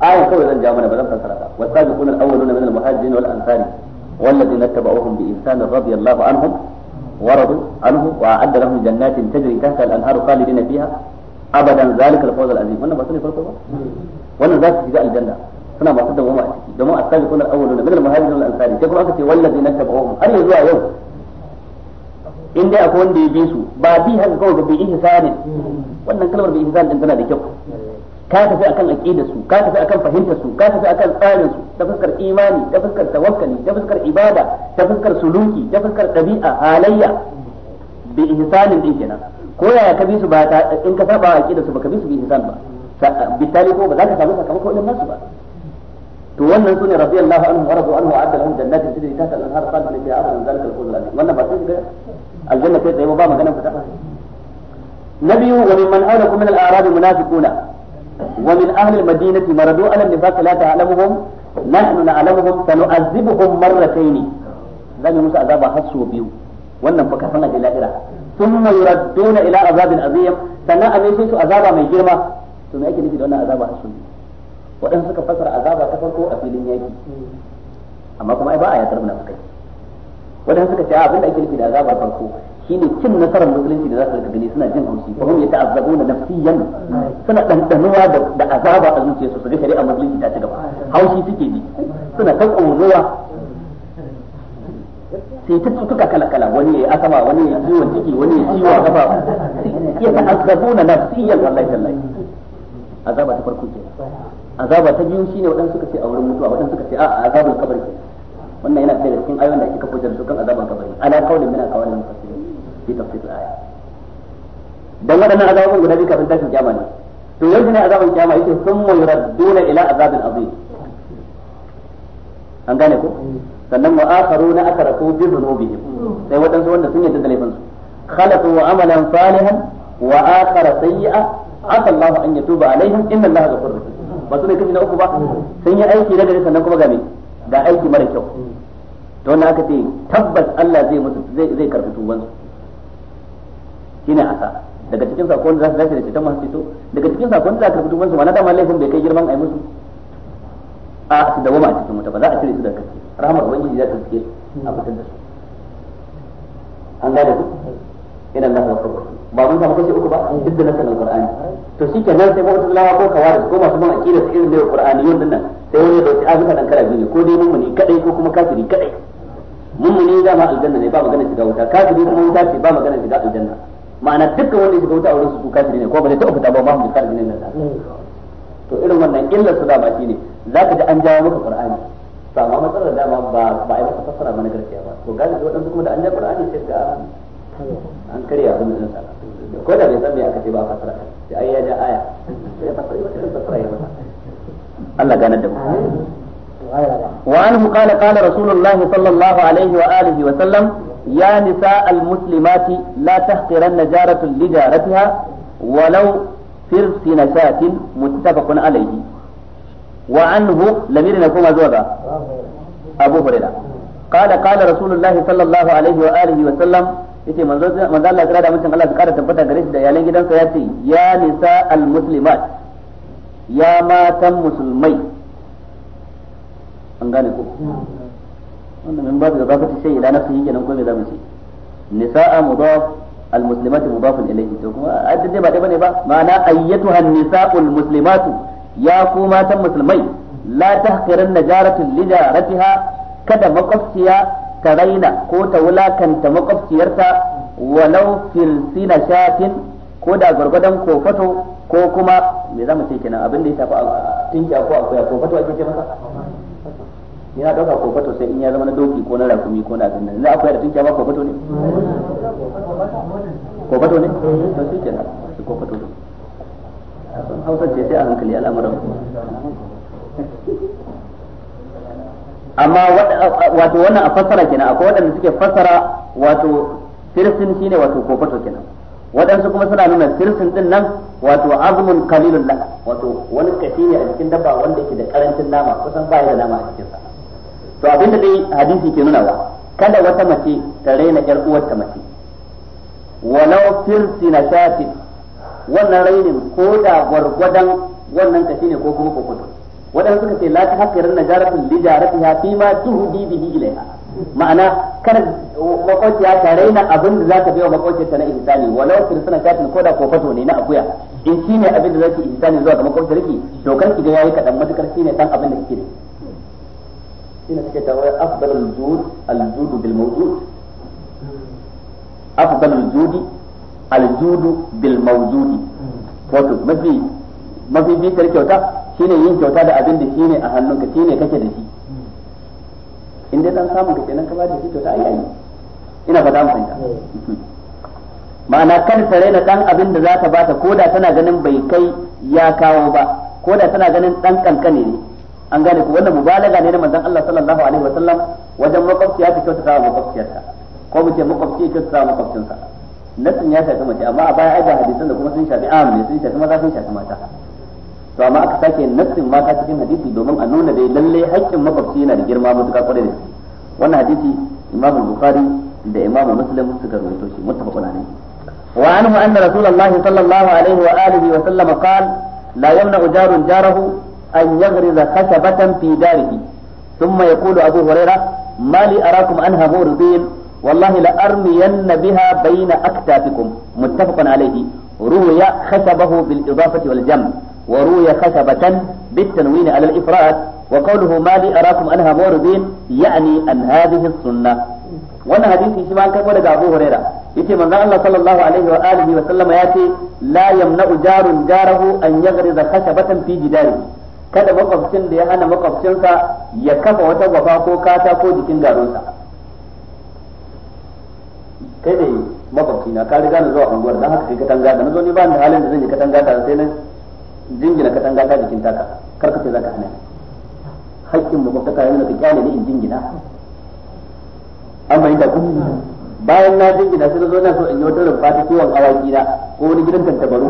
ayan kawai zan ja mana ba zan fassara ta wasabiquna alawwaluna min almuhajirin wal ansari والذين اتبعوهم بإحسان رضي الله عنهم ورضوا عنه وأعد لهم جنات تجري تحتها الأنهار خالدين فيها أبدا ذلك الفوز العظيم وأنا بصلي فرقه وأنا ذات في الجنة سنة ما صدق وما أتي domin as-sabiquna al-awwaluna min al-muhajirin wal ansari sai kuma aka ce wallazina tabauhum har yanzu a yau in dai akwai wanda ya bi su ba bi haka kawai ba bi ihsanin wannan kalmar bi ihsan din tana da kyau ka tafi akan aqidar su ka tafi akan fahimtar su ka tafi akan tsarin su ta fuskar imani ta fuskar tawakkali ta fuskar ibada ta fuskar suluki ta fuskar dabi'a halayya bi ihsanin din kenan ko yaya ka bi su ba in ka saba aqidar su ba ka bi su bi ihsan ba bitali ko ba za ka samu sakamako irin nasu ba to wannan sune radiyallahu anhu wa radu anhu wa adda lahum jannatin tajri tahta al-anhar khalidina fiha abadan zalika al-fawz al-azim wannan ba sun aljanna kai tsaye ba magana fita نبي وممن حولكم من الأعراب منافقون ومن أهل المدينة مردوا على النفاق لا تعلمهم نحن نعلمهم سنعذبهم مرتين لن musu عذاب حسوا بيو wannan fa kafin ajin lahira thumma yuradduna ila azabin azim sannan mai su azaba mai girma to me ake nufi da wannan azaba hasu waɗansu suka fassara azaba ta farko a filin yaki amma kuma ai ba a yatar kai waɗansu suka ce abin da ake nufi da azabar farko shine cin nasarar musulunci da za su rika gani suna jin haushi kuma ya ta'azzabu na nafsiyan suna ɗanɗanuwa da azaba a zuciyarsu su ga shari'a musulunci ta ci gaba haushi suke ji suna ta ƙoruwa sai ta cutuka kala kala wani ya asama wani ya ciwon ciki wani ya ciwon gaba ya ta'azzabu na nafsiyan wallahi tallahi azaba ta farko kenan azaba ta biyu shine waɗansu suka ce a wurin mutuwa waɗansu suka ce a azabul ke wannan yana daga cikin ayoyin da ake kafa hujjar kan azaban kabari ala kaulin min akawalin mufassirin fi tafsir al-aya dan waɗannan azabun guda biyu kafin tashin kiyama ne to yanzu ne azaban kiyama yake summa yuradduna ila azabin azim an gane ko sannan wa akharuna akrafu bi dhunubihim sai waɗansu wanda sun yarda da laifin su khalaqu amalan salihan wa akhara sayyi'a asa Allahu an yatuba alaihim inna Allaha ghafurur ba su ne kashi na uku ba sun yi aiki na gari sannan kuma ga me ga aiki mara kyau to wannan aka ce tabbas Allah zai musu zai zai karbi tubansu shine asa daga cikin sakon da za su dace da cikin masu ceto daga cikin sakon da za ka karbi tubansu ma na dama laifin bai kai girman ai musu a su ma a cikin mutu ba za a cire su daga kaske rahmar ubangiji za ta suke a fitar da su an gane su. ina Allah wa sabr ba mun samu kashi uku ba duk da nasan alqur'ani to shikenan sai mu'tazilawa ko kawarij ko masu mun akida su irin da alqur'ani yau dinnan sai wani da ta azuka dan karabi ne ko dai mun mummuni kadai ko kuma kafiri kadai mummuni da ma aljanna ne ba magana shiga wuta kafiri kuma wuta ce ba magana shiga aljanna ma'ana dukkan wanda shiga wuta a wurin su kafiri ne ko ba zai taɓa fita ba ma mu kafiri ne nan to irin wannan illar su dama shine zaka ji an jawo maka qur'ani to amma matsalar dama ba ba a yi masa fassara ba na gaskiya ba to galibi waɗansu kuma da an jawo qur'ani sai ga an karya abin nan sa ko da bai san me aka ce ba fasara sai ai ya ja aya sai ya fasara wata kan fasara ya mata Allah gane da mu وعنه قال قال رسول الله صلى الله عليه وآله وسلم يا نساء المسلمات لا تحقرن جارة لجارتها ولو فرس نشاة متفق عليه وعنه لمير نكوم زوجة أبو هريرة قال قال رسول الله صلى الله عليه وآله وسلم yace manzo manzo Allah kira da mutum Allah su kara tabbata gare shi da iyalan gidansa ya ce ya nisa al muslimat ya matan musulmai an gane ko wannan min babu da zaka ce sai idan nasu yake nan ko me zamu ce nisaa mudaf al muslimat mudaf ilayhi to kuma addin ba dai bane ba ma'ana ayyatuha an al muslimat ya ku matan musulmai la tahqiranna jaratun li kada makwabciya ta raina ko ta wulakanta makwabciyarta walau filsina shatin ko da gwargwadon kofato ko kuma me za mu ce kenan abin da ya shafi tinki ko akuya kofato ake ce masa yana dauka kofato sai in ya zama na doki ko na rakumi ko na abin nan na akwai da tinki ba kofato ne kofato ne to shi kenan kofato ne hausa ce sai a hankali al'amuran amma wato wannan a fassara kenan akwai waɗanda suke fassara wato sirsin shine wato kofato kenan waɗansu kuma suna nuna sirsin din nan wato azumin kalilun laka wato wani kashi ne a jikin dabba wanda ke da karancin nama kusan ba da nama a cikin sa to abinda dai hadisi ke nuna wa kada wata mace ta raina yar uwarta mace walau sirsi na shafi wannan rainin ko da gwargwadon wannan kashi ne ko kuma kofato wadanda suka ce la ta hakirin na jaratun li jaratiha fi ma tuhdi bihi ilaiha ma'ana kar ya ta raina abin da zaka biya ta na ihsani walau kirsana katin koda ko fato ne na akuya in shine abin da zaki ihsani zuwa ga makociyarki to kar ki ga yayi kadan matukar shine dan abin da kike da shine suke ta wai afdalul jud aljudu judu bil mawjud afdalul judi al bil mawjudi wato mafi mafi bitar kyauta shine yin kyauta da abin da shine a hannunka shine kake da shi in dai dan samu ka kenan ka ba da shi kyauta ai ai ina fata mun fahimta ma'ana kan tare na dan abin da za ta bata ko da tana ganin bai kai ya kawo ba ko da tana ganin dan kankane ne an gane ku wannan mubalaga ne na manzon Allah sallallahu alaihi wasallam wajen makwabci ya fi kyautata wa makwabciyarsa ko mu ce makwabci ya kyautata wa makwabcinsa nasin ya shafi mace amma a baya ai ga hadisan da kuma sun shafi amin sun shafi maza sun shafi mata to amma aka sake nassin mata cikin hadisi domin a nuna dai lallai haƙƙin makwabci yana da girma matuƙa kwarai da wannan hadisi imam al-bukhari da imam muslim suka rawaito shi muttafaqun alayhi wa anhu anna rasulullahi sallallahu alaihi wa alihi wa sallam qala la yamna'u jarun jarahu an yaghriza khashabatan fi darihi thumma yaqulu abu hurairah ma li arakum anha muridin wallahi la armiyanna biha bayna aktafikum muttafaqun alayhi ruya khashabahu bil idafati wal jam' وروي خشبة بالتنوين على الإفراد وقوله ما لي أراكم أنها موردين يعني أن هذه السنة وانا حديثي شما كان قد أبو هريرة يتي من الله صلى الله عليه وآله وسلم ياتي لا يمنع جار جاره أن يغرز خشبة في جداره kada makwabcin da ya hana makwabcinsa ya kafa wata gwafa ko kata ko jikin garonsa kai da makwabci na ka riga na zuwa unguwar dan haka kai katanga da na zo ba ni halin da zan yi katanga tare sai na jingina katanga ta jikin taka kar ka ce zaka hana haƙƙin makwabtaka yana ka kyale ne in jingina amma bayyana kun bayan na jingina sai zo na so in yi wata rumfa ta kiwon awaki na ko wani gidan tantabaru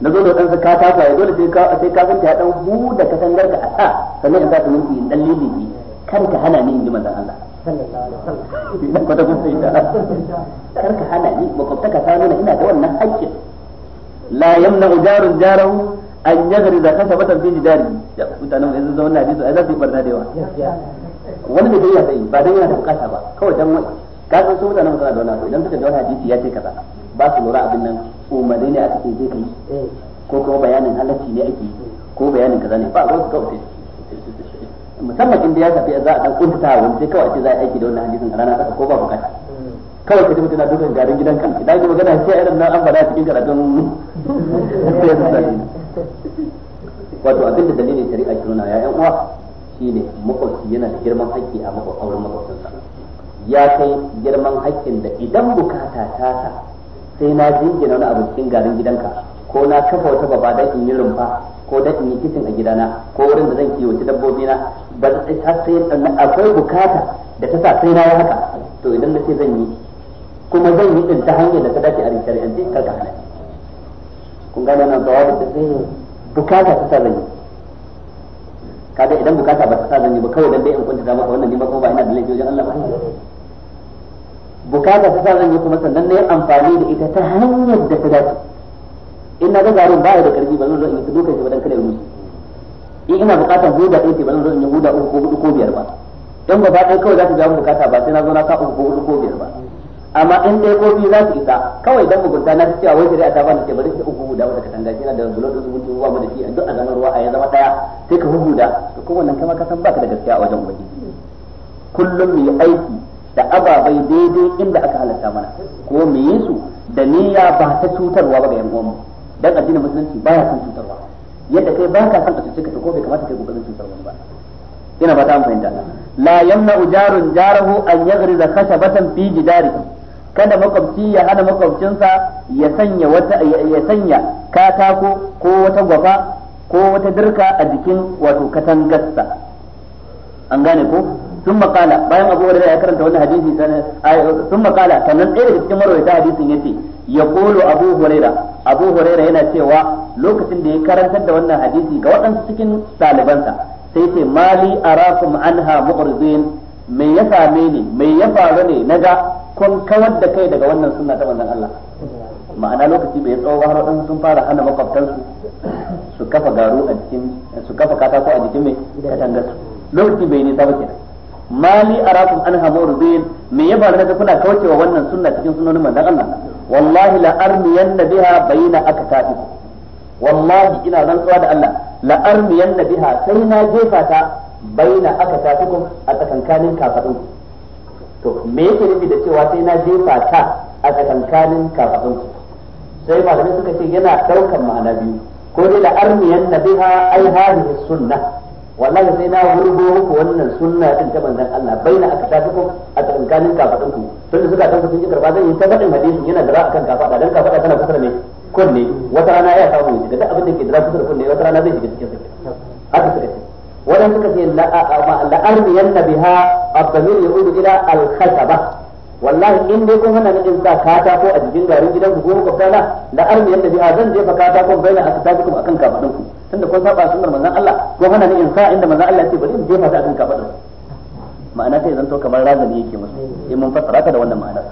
na zo da dan ka tafa ya dole sai ka sai ka ganta ya dan huda katangar ka a sa sannan in za ta minti in dan lilibi kar ka hana ni in ji manzon Allah karka kwata kun sai kar ka hana ni makwabtaka ta nuna ina da wannan haƙƙin la yamna jarun jarahu an yi gari zaka sabatan fi jidari ya mutanen yanzu zama na hadisu ai za su yi barna da yawa wani da ya sai ba dan yana da bukata ba kawai dan wani ka san su mutanen mutane da wani idan suka ga wani hadisi ya ce kaza ba su lura abin nan umarni ne a cikin zai kai ko kuma bayanin halacci ne ake ko bayanin kaza ne ba ruwan su kawai musamman inda ya tafi za a dan kunta wani sai kawai ce za a aiki da wannan hadisin a rana ta ko ba bukata kawai ka ji mutum na dukan garin gidan kan idan ji magana sai irin nan an bada cikin karatun sai ya wato abinda dalilin shari'a ke nuna ya uwa shine makwabci yana da girman haƙƙi a auren makwabcinsa ya kai girman haƙƙin da idan bukata ta ta sai na jingina wani abu cikin garin gidanka ko na kafa wata baba da in yi rumfa ko da in yi kicin a gidana ko wurin da zan dabbobi na ba akwai bukata da ta sa sai na yi haka to idan na ce zan yi kuma zan yi din ta hanyar da ta dace a shari'ance ka hana kun gane wannan jawabu da sai bukata ta sa zanyi kada idan bukata ba ta sa zanyi ba kawai dan dai in kunta maka wannan ni ba ko ba ina da laifi wajen Allah ba bukata ta sa zanyi kuma sannan nayi amfani da ita ta hanyar da ta dace in na ga garin baya da karfi ba zan zo in yi dukan shi ba dan kada ya rushe in ina bukatan huda ɗaya ce ba zan zo in yi huda uku ko huɗu ko biyar ba dan ba ɗaya kawai za ta jawo bukata ba sai na zo na sa uku ko huɗu ko biyar ba amma in dai kofi za su isa kawai dan mugunta na cewa wai shari'a ta bani ce bari ki uku da wata katanga kina da bulo da zubutu ruwa mu da shi duk a zaman ruwa a ya zama daya sai ka huguda to ko wannan ma ka san baka da gaskiya a wajen ubangi kullum mu yi aiki da ababai daidai inda aka halatta mana ko mu yi su da niyya ba ta cutarwa ba ga yan uwanmu dan addinin musulunci baya son cutarwa yadda kai baka san a cuce ka ko bai kamata kai kokarin cutar wani ba ina ba ta fahimta la yamna ujarun jarahu an yaghriza khashabatan fi jidarihi kada makwabci ya hana makwabcinsa ya sanya wata ya sanya katako ko wata gwafa ko wata dirka a jikin wato katangarsa an gane ko sun makala bayan abu da ya karanta wani hadisi sun makala sannan ɗaya daga cikin marwaita hadisin ya ce ya kolo abu huraira abu huraira yana cewa lokacin da ya karantar da wannan hadisi ga waɗansu cikin ɗalibansa sai ce mali arakum anha mu'ridin me ya same ni me ya faru ne ga? kun kawar da kai daga wannan sunna ta wannan Allah ma'ana lokaci bai tsawo ba har wadansu sun fara hana makwabtansu su kafa garu a jikin su kafa katako a jikin mai katangar su lokaci bai nisa ba kenan mali arakum an hamu rubin me ya faru naga kuna kaucewa wannan sunna cikin sunanin manzon Allah wallahi la armiyanna biha bayna akatafi wallahi ina rantsuwa da Allah la armiyanna biha sai na jefa ta baina aka tafikum a tsakankanin kafadun to me yake nufi da cewa sai na jefa ta a tsakankanin kafadun ku sai malamai suka ce yana daukan ma'ana biyu ko dai da armiyan nabiha ai hadhihi sunnah wallahi sai na wurgo muku wannan sunna din ta manzon Allah baina aka tafikum a tsakankanin kafadun ku da suka tantu sun ji karba zan yi ta fadin hadisi yana dara akan kafada dan kafada tana kusa ne kunne wata rana ya samu daga abin da ke dara kusa kunne wata rana zai shiga cikin sa haka suka ce wadan suka ce la'arniyan na biha abdamir ya udu ila alkhasaba wallahi in dai kun hana ni in sa katako a jikin garin gidan ku goma ko makwabtana la'arniyan na biha zan jefa katakon bayan asatabikum akan kafadun ku tunda kun saba sunnar manzon Allah kun hana ni in sa inda manzon Allah ya ce bari in jefa ta akan kafadun ma'ana sai zanto kamar razani yake musu in mun fassara ta da wannan ma'ana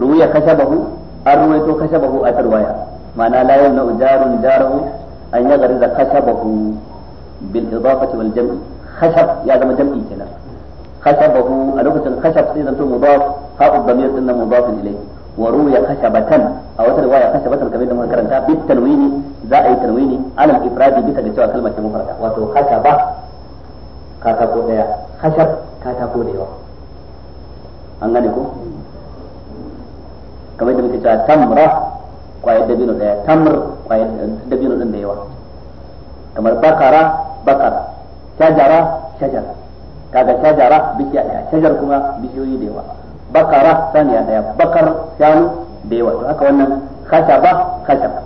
ruwiya kashabahu an ruwaito kashabahu a tarwaya ma'ana la yamna jarun jarahu أن يغرز خشبه بالإضافة والجمع خشب يا زلمة جمع كلام خشبه ألوكس الخشب سيدا مضاف هاء الضمير سنة مضاف إليه وروي خشبة أو رواية خشبة كما يدعون كرنتا بالتنوين ذا أي تنوين على الإفراد بتجسوى كلمة مفردة وتو خشبة كاتاكو خشب كاتاكو ديو أنغانيكو كما يدعون كتاكو تمرة قاعدة بينو ديو تمر dabino din da yawa kamar bakara bakara shajara shajara kaga shajara bishiya daya shajar kuma bishiyoyi da yawa bakara saniya daya bakar shanu da yawa to haka wannan khashaba khashaba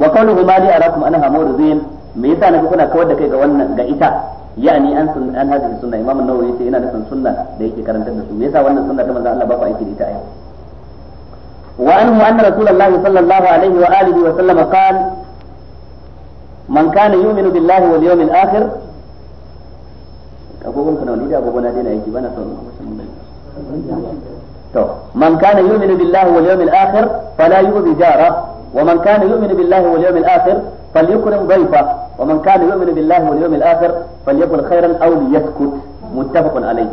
wa qawluhu ma li arakum anaha mawridin me yasa naga kuna kawar da kai ga wannan ga ita yani an sun an hadisi sunna imamu nawawi yace ina da sunna da yake karantar da su me yasa wannan sunna ta manzo Allah ba ku aiki da ita ai وعنه أن رسول الله صلى الله عليه وآله وسلم قال من كان يؤمن بالله واليوم الآخر من كان يؤمن بالله واليوم الآخر فلا يؤذي جاره ومن كان يؤمن بالله واليوم الآخر فليكرم ضيفه ومن كان يؤمن بالله واليوم الآخر فليقل خيرا أو ليسكت متفق عليه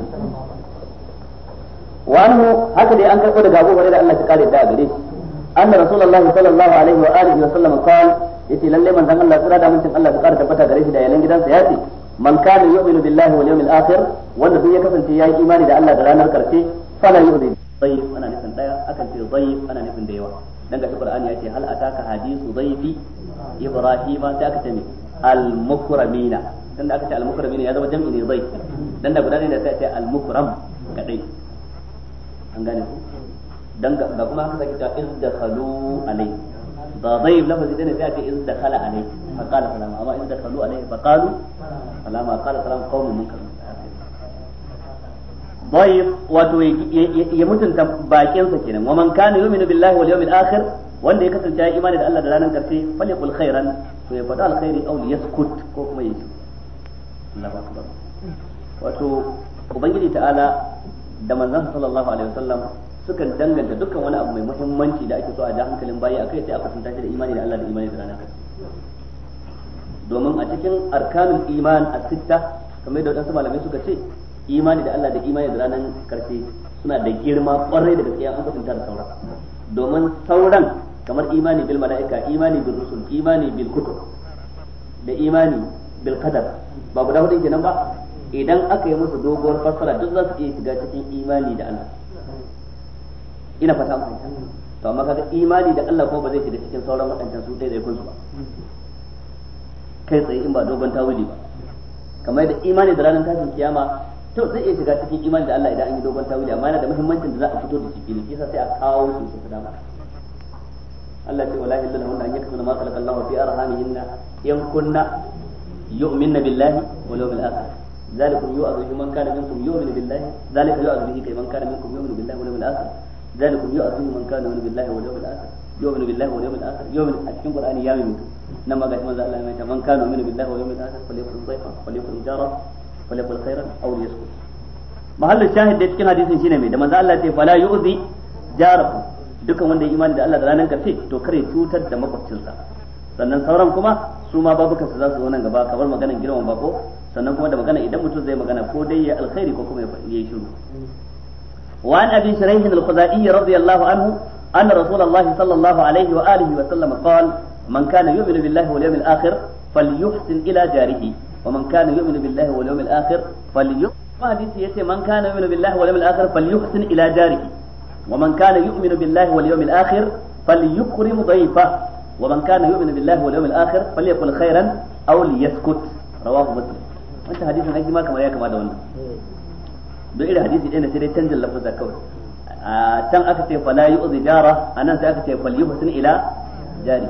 وأنه هكذا أنكر قد جابوا وإلى أن تقال الدابري أن رسول الله صلى الله عليه وآله وسلم قال yace lalle manzon Allah tsira da mutum Allah ta ƙara tabbata gare shi da yalan gidansa ya ce man kana yu'minu billahi wal yawmil akhir wanda duk ya kasance ya yi imani da Allah da ranar karshe fala yu'min dhaif ana nufin daya akan ce dhaif ana nufin da yawa dan ga ya ce hal ataka hadithu dhaifi ibrahima sai aka ce al ya guda ne al kadai an gane ku dan ga kuma haka sake ta iz dakhalu alai ba zai lafazi dane sai a ce iz dakhala alai fa qala salama amma iz dakhalu alai fa qalu salama qala salam qaumun munkar ضيف wato ya mutunta bakinsa kenan wa man kana yu'minu billahi wal yawmil akhir wanda ya kasance ya imani da Allah da ranar karshe falyakul khairan to ya faɗi alkhairi aw yaskut ko kuma ya ji Allahu akbar wato ubangiji ta'ala da manzon sallallahu alaihi wasallam sukan danganta dukkan wani abu mai muhimmanci da ake so a ja hankalin bayi akai sai a kwatanta shi da imani da Allah da imani da ranar karshe domin a cikin arkanul iman a sitta kamar da wadansu malamai suka ce imani da Allah da imani da ranar karshe suna da girma kwarai da gaskiya an kwatanta da sauran domin sauran kamar imani bil mala'ika imani bil rusul imani bil kutub da imani bil qadar ba guda hudu kenan ba idan aka yi musu doguwar fassara duk za su iya shiga cikin imani da Allah ina fata mu to amma kaga imani da Allah ko ba zai shiga cikin sauran wadannan su dai kun su ba kai tsaye in ba dogon tawili ba kamar yadda imani da ranar tashin kiyama to zai iya shiga cikin imani da Allah idan an yi dogon tawili amma yana da muhimmancin da za a fito da shi filin yasa sai a kawo shi su dama Allah ce wallahi illa wanda an yakunu ma khalaqa Allahu fi arhamihinna in kunna yu'minna billahi wal yawmil akhir ذلكم يؤذ به من كان منكم يؤمن بالله ذلك يؤذ به كمن كان منكم يؤمن بالله واليوم الآخر ذلكم يؤذ به من كان يؤمن بالله واليوم الآخر يؤمن بالله واليوم الآخر يؤمن أتكلم القرآن يا ميمون نما قال من الله ميتا من كان يؤمن بالله واليوم الآخر فليكن ضيفا وليكن جارا فليكن خيرا أو ليسكت محل الشاهد da cikin hadisin shine mai da manzo Allah ce fala yu'zi jarakum dukan wanda imani da Allah da ranar karshe to kare cutar da makwabcinsa sannan sauran kuma su ma babukan su za su zo nan gaba kamar maganar girman bako sannan kuma da magana idan mutum zai magana ko dai ya alkhairi ko kuma ya yi shiru wa an abi shuraihin al-khuzai radiyallahu anhu anna rasulullahi sallallahu alaihi wa alihi wa sallam qala man kana yu'minu billahi wal yawmil akhir falyuhsin ila jarihi wa man kana yu'minu billahi wal yawmil akhir falyuhsin wa hadisi yace man kana yu'minu billahi wal yawmil akhir falyuhsin ila jarihi wa man kana yu'minu billahi wal yawmil akhir falyukrim dhayfahu ومن كان يؤمن بالله واليوم الآخر فليقل خيرا أو ليسكت رواه مسلم wancan hadisin ai ma kamar ya kama da wannan don irin hadisi ɗaya ne sai dai canjin lafazza kawai a can aka ce fala yu'zi jara anan sai aka ce fal yuhsin ila jari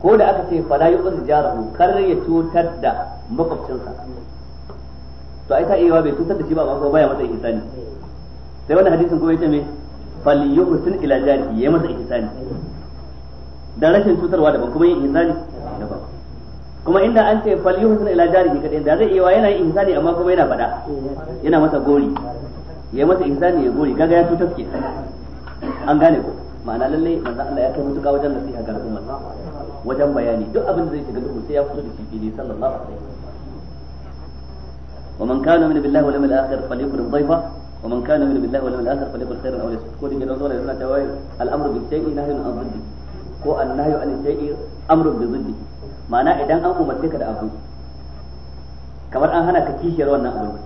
ko da aka ce fala yu'zi jarahu kar ya cutar da makwabcinsa to ai ta iya bai cutar da shi ba amma ko baya masa ihsani sai wannan hadisin kuma yace me fal yuhsin ila jari yayi masa ihsani dan rashin cutarwa daban kuma yin ihsani daban kuma inda an ce fal yuhsin ila jarihi kadai da zai iya yana yin ihsani amma kuma yana fada yana masa gori ya masa ihsani ya gori kaga ya cutar ke an gane ko ma'ana lalle manzo Allah ya kai mutuka wajen nasiha ga al'umma wajen bayani duk abin da zai shiga duhu sai ya fito da shi ne sallallahu alaihi wa man billahi wal yawmil akhir واليوم dhayfa wa man kana min billahi wal yawmil akhir فليكن khairan aw ليسكت كودin da zuwa yana cewa al'amru bi shay'in nahyun an ziddi ko annahu an shay'in amru bi ziddi ma'ana idan an umarce ka da abu kamar an hana ka kishiyar wannan abu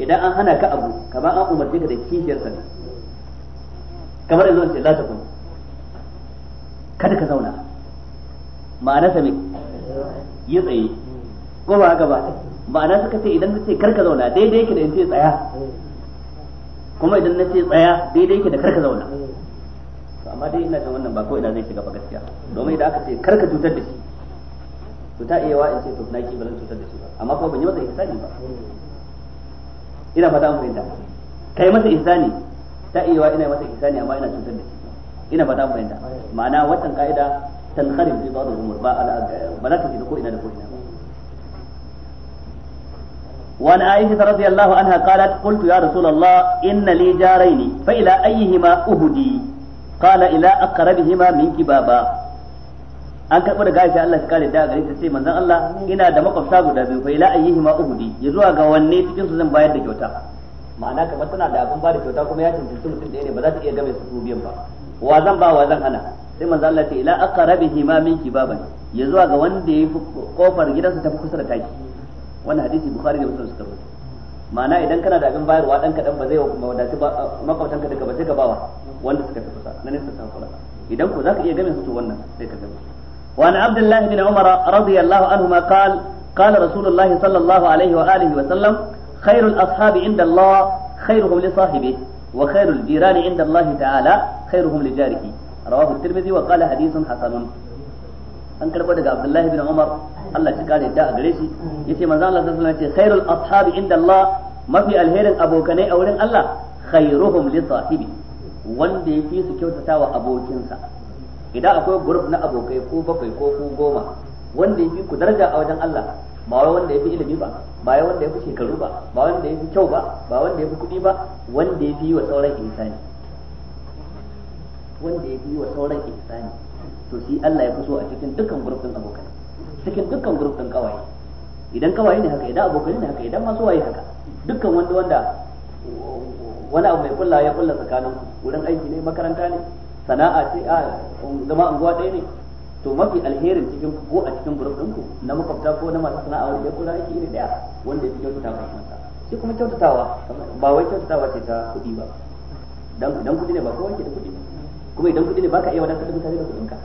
idan an hana ka abu kamar an umarce ka da kishiyar sa ne kamar yanzu ce la ta kun kada ka zauna ma'ana sa me yi tsaye ko ba haka ba ma'ana suka ce idan ka ce kar ka zauna daidai ke da in ce tsaya kuma idan na ce tsaya daidai yake da kar ka zauna amma dai ina jin wannan ba ko ina zai shiga ba gaskiya domin idan aka ce kar ka cutar da shi to ta iya wa'in sai to na ki bazan cutar da shi ba amma kuma ban yi masa ihsani ba ina fata mu fahimta kai masa ihsani ta iya ina masa ihsani amma ina cutar da shi ina fata mu fahimta ma'ana wannan ka'ida tanqarim fi ba'd al-umur ba ba za ta ji ko ina da ko ina وعن عائشة رضي الله عنها قالت قلت يا رسول الله إن لي جارين فإلى أيهما أهدي قال إلى أقربهما منك بابا an karɓi da gashi Allah ya kare da gare sai manzon Allah ina da makwabta guda biyu fa ila ayyihi ma uhudi ya zuwa ga wanne cikin su zan bayar da kyauta ma'ana kamar tana da abin bada da kyauta kuma ya cancanci mutum ɗaya ne ba za ta iya game su biyan ba wa zan ba wa zan hana sai manzon Allah ce ila aqrabihi ma minki baban ya zuwa ga wanda yayi kofar gidansa ta kusa da taki wannan hadisi bukhari da muslim suka rubuta ma'ana idan kana da abin bayarwa dan kadan ba zai wadace ba makwabtanka duka ba sai ka bawa wanda suka tafi kusa na nesa san kula idan ku zaka iya game su to wannan sai ka gama وعن عبد الله بن عمر رضي الله عنهما قال قال رسول الله صلى الله عليه وآله وسلم خير الأصحاب عند الله خيرهم لصاحبه وخير الجيران عند الله تعالى خيرهم لجاره رواه الترمذي وقال حديث حسن an daga Abdullahi bin Umar Allah shi kare da a gare shi yace manzo Allah sallallahu alaihi wasallam khairul ashabi inda Allah mafi alherin abokanai a wurin Allah khairuhum li sahibi wanda yafi su kyautatawa abokinsa idan akwai group na abokai ko bakwai ko ku goma wanda yafi ku daraja a wajen Allah ba wai wanda yafi ilimi ba ba wai wanda yafi shekaru ba ba wanda yafi kyau ba ba wanda yafi kuɗi ba wanda yafi wa sauran insani wanda yafi wa sauran insani to shi Allah ya fi so a cikin dukkan group din abokai cikin dukkan group din kawai idan kawai ne haka idan abokai ne haka idan masu waye haka dukkan wanda wanda wani abu mai kulla ya kulla tsakanin wurin aiki ne makaranta ne sana'a ce a zama unguwa ɗaya ne to mafi alherin cikin ko a cikin buruk ɗinku na makwabta ko na masu sana'awar ya kula yake iri ɗaya wanda ya fi kyautata ba kansa shi kuma kyautatawa ba wai kyautatawa ce ta kuɗi ba dan idan kuɗi ne ba kowa ke da kuɗi kuma idan kuɗi ne baka iya wadatar da mutane da kuɗinka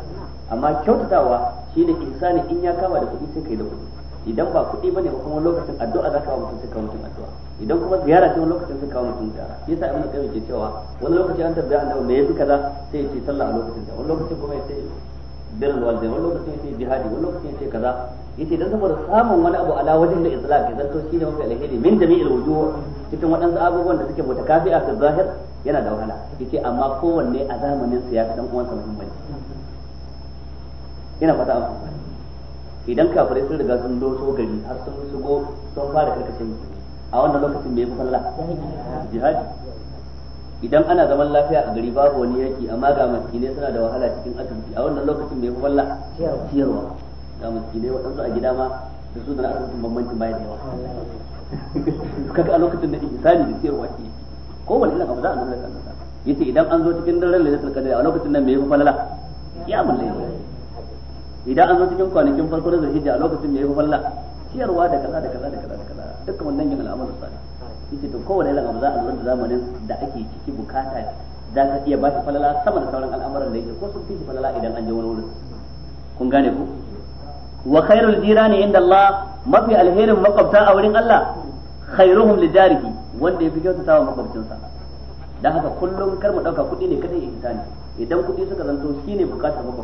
amma kyautatawa shi ne insani in ya kama da kuɗi sai kai da kuɗi idan ba kuɗi bane ba kuma lokacin addu'a za ka ba mutum sai ka mutum addu'a idan kuma ziyara ce lokacin sai ka mutum ziyara yasa ibnu qayyim ke cewa wani lokaci an tabbata annabi me yafi kaza sai ya ce sallah a lokacin ta wani lokacin kuma ya ce birrul walidain wani lokacin ya ce jihadi wani lokacin ya ce kaza yace dan saboda samun wani abu ala wajen da islam ya zanto shi ne mafi alheri min jami'il wujuh cikin waɗansu abubuwan da suke mutakafi'a fi zahir yana da wahala yace amma kowanne a zamanin sa ya fi dan uwansa muhimmanci ina fata an idan kafirai sun riga sun doso gari har sun shigo sun fara karkashe musulmi a wannan lokacin me yafi falla jihadi idan ana zaman lafiya a gari babu wani yaki amma ga miskinai suna da wahala cikin asibiti a wannan lokacin me yafi falla ciyarwa ga miskinai waɗansu a gida ma da su da na asibitin bambancin bayan yawa kaga a lokacin da sani da ciyarwa ke wani irin abu za a nuna da kansa yace idan an zo cikin daren lailatul qadr a lokacin nan me yafi falla ya mun idan an zo cikin kwanakin farko na zulhijja a lokacin da ya fi falla ciyarwa da kaza da kaza da kaza da kaza dukkan wannan yin al'amuran salih yake to kowane irin abu za a lura da zamanin da ake ciki bukata za ka iya ba shi falala sama da sauran al'amuran da yake ko sun fi shi falala idan an je wani wurin kun gane ku wa khairul jirani inda Allah mafi alherin makwabta a wurin Allah khairuhum lidarihi wanda ya fi kyautata wa makwabcinsa dan haka kullum kar mu dauka kuɗi ne kadai ihsani idan kuɗi suka zanto shine bukatar mu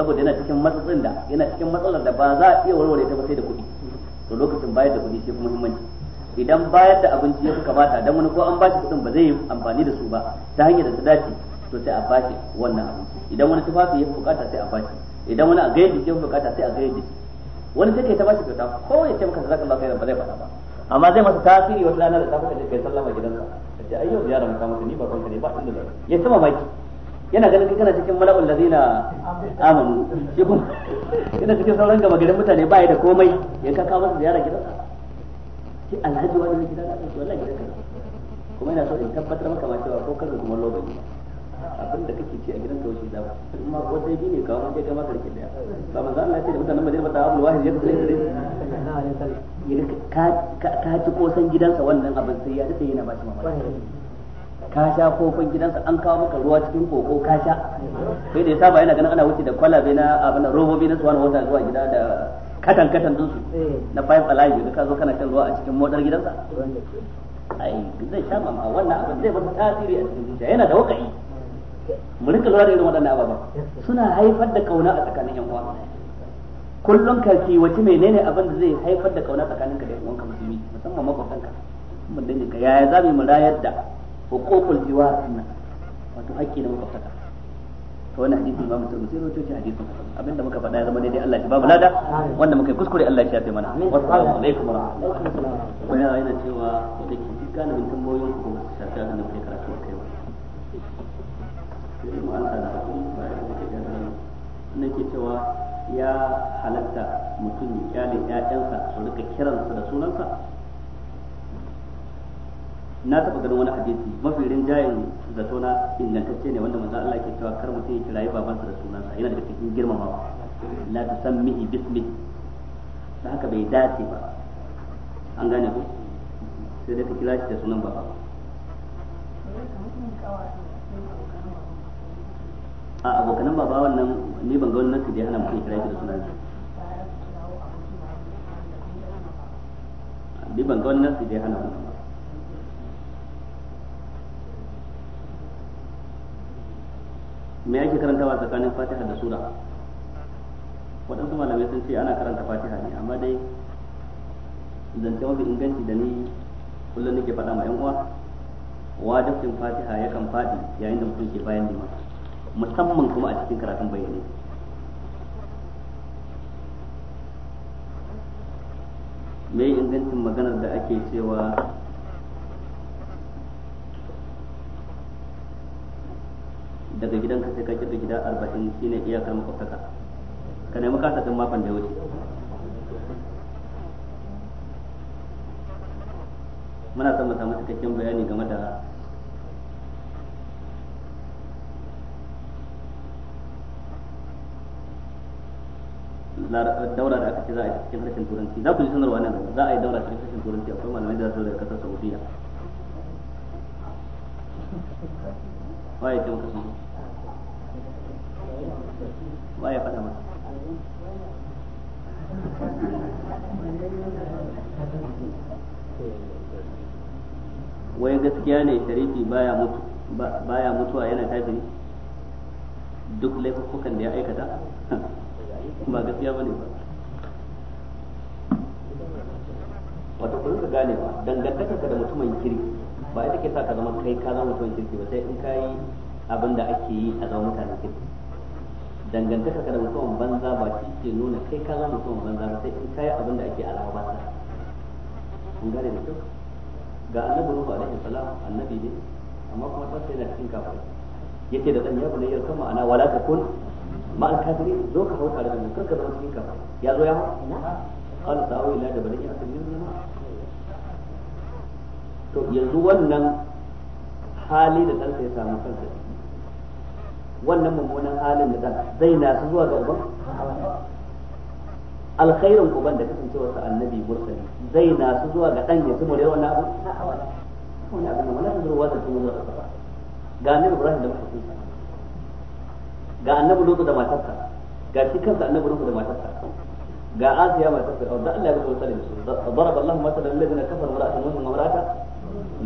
saboda yana cikin matsatsin da yana cikin matsalar da ba za a iya warware ta ba sai da kuɗi to lokacin bayar da kuɗi shi kuma muhimmanci idan bayar da abinci ya fi kamata dan wani ko an bashi kuɗin ba zai yi amfani da su ba ta hanyar da ta dace to sai a bashi wannan abinci idan wani tufafi ya fi bukata sai a bashi idan wani a gayyar ya fi bukata sai a gayyar jiki wani sai kai ta bashi kyauta ko ya ce maka zaka Allah kai ba zai faɗa ba amma zai masa tasiri wata rana da ta fita kai sallama gidansa sai ayyau ziyara maka masa ni ba kanka ne ba inda ya ci mamaki yana ganin kai kana cikin mala'ul ladina amanu shi kuma yana cikin sauran gaba garin mutane ba ya da komai ya ka kawo masa ziyara sa shi alhaji wani gidan da gidansa wallahi gidan gidansa kuma yana so in tabbatar maka ma cewa ko kanka kuma lobe ne abin da kake ci a gidan kawai shi da kuma wata yi ne ka mun ga maka rike da ba manzo Allah ya ce da mutanen Madina ba ta abul wahid ya kace ne ka ka ci kosan gidansa wannan abin sai ya dace yana ba shi mamaki ka sha kofin gidansa an kawo maka ruwa cikin koko ka sha sai da ya saba yana ganin ana wuce da kwalabe na abin robobi na suwan wata zuwa gida da katan katan dinsu eh. na five alive da ka zo kana shan ruwa a cikin modar gidansa ai zai sha mama wannan abin zai bar tasiri a cikin zuciya yana da wakai mu rinka lura da irin waɗannan ababen suna haifar da kauna a tsakanin yan uwa kullum ka kiwaci menene abin da zai haifar da kauna tsakaninka da yan uwanka musulmi musamman makwabtanka mun dinga yaya za mu rayar da hukukul jiwar din nan wato hakki na makwabtaka to wannan hadisi imamu turmi sai rawaito shi hadisin abinda muka faɗa ya zama daidai Allah shi babu lada wanda muka yi kuskure Allah shi ya sai mana wassalamu alaikum wa rahmatullahi wani yana cewa ko da ke dukkan min tambayoyin ku ba shafi abin da muke karatu kai ba sai mu an tsara nake cewa ya halatta mutum ya kyale ƴaƴansa su rika kiransa da sunansa na taɓa ganin wani hadisi mafi rinjayen da suna ingantacce ne wanda manzo Allah ke cewa kar mutum ya kirayi babansa da sa yana daga cikin girmamawa la mihi bismi da haka bai dace ba an gane ku sai dai ka kira shi da sunan baba a abokanan baba wannan ni ban ga wani nasu da ya hana mutum ya kira shi da sunansa ni ban ga wani nasu da ya hana mutum me yake karantawa tsakanin fatiha da sura waɗansu malamai sun ce ana karanta fatiha ne amma dai zance mafi inganci da ni kullum nake faɗa ma 'yan uwa wajibcin fatiha ya yakan faɗi yayin da mutum ke bayan lima musamman kuma a cikin karatun bayyane me ingancin maganar da ake cewa daga gidanka sai ka kirga gida arba'in shine iyakar makwabtaka ka nemi kasa tun makon da ya wuce muna son mu samu cikakken bayani game da daura da aka ce za a yi cikin harshen turanci za ku ji sanarwa nan za a yi daura cikin harshen turanci akwai malamai da za su daga kasar saudiya ya ce muka sun faɗa wai gaskiya ne sharifi baya mutu baya mutuwa yana tafi duk laifukan da ya aikata ba gaskiya bane ba wata kun ka gane ba dangantaka ka da mutumin kiri ba ita ke sa ka zama kai ka zama mutumin kirki ba sai in ka yi abin da ake yi a zama mutanen kirki dangantaka ka da mutumin banza ba shi ke nuna kai ka zama mutumin banza ba sai in ka yi abin da ake alawa ba sa kun gane da kyau ga annabi nuhu alaihi salam annabi ne amma kuma ta sai na cikin kafin yake da dan bane yau yar kama ana wala kun ma al kafirin zo ka hauka da mu karka zama cikin kafin ya zo ya hau qala ta'awu ila da balin yasmin ma to yanzu wannan hali da kansa ya samu kansa wannan mummunan halin da dan zai na su zuwa ga uban alkhairin uban da kasancewar sa annabi mursali zai na su zuwa ga dan ya tumure wannan abu wani abu ne wannan zuwa da tumure ba ga annabi Ibrahim da mahaifinsa ga annabi Lutu da matarsa ga shi kansa annabi Lutu da matarsa ga Asiya matarsa da Allah ya rubuta da su daraba Allah masalan alladhina kafaru ra'atan wa ra'atan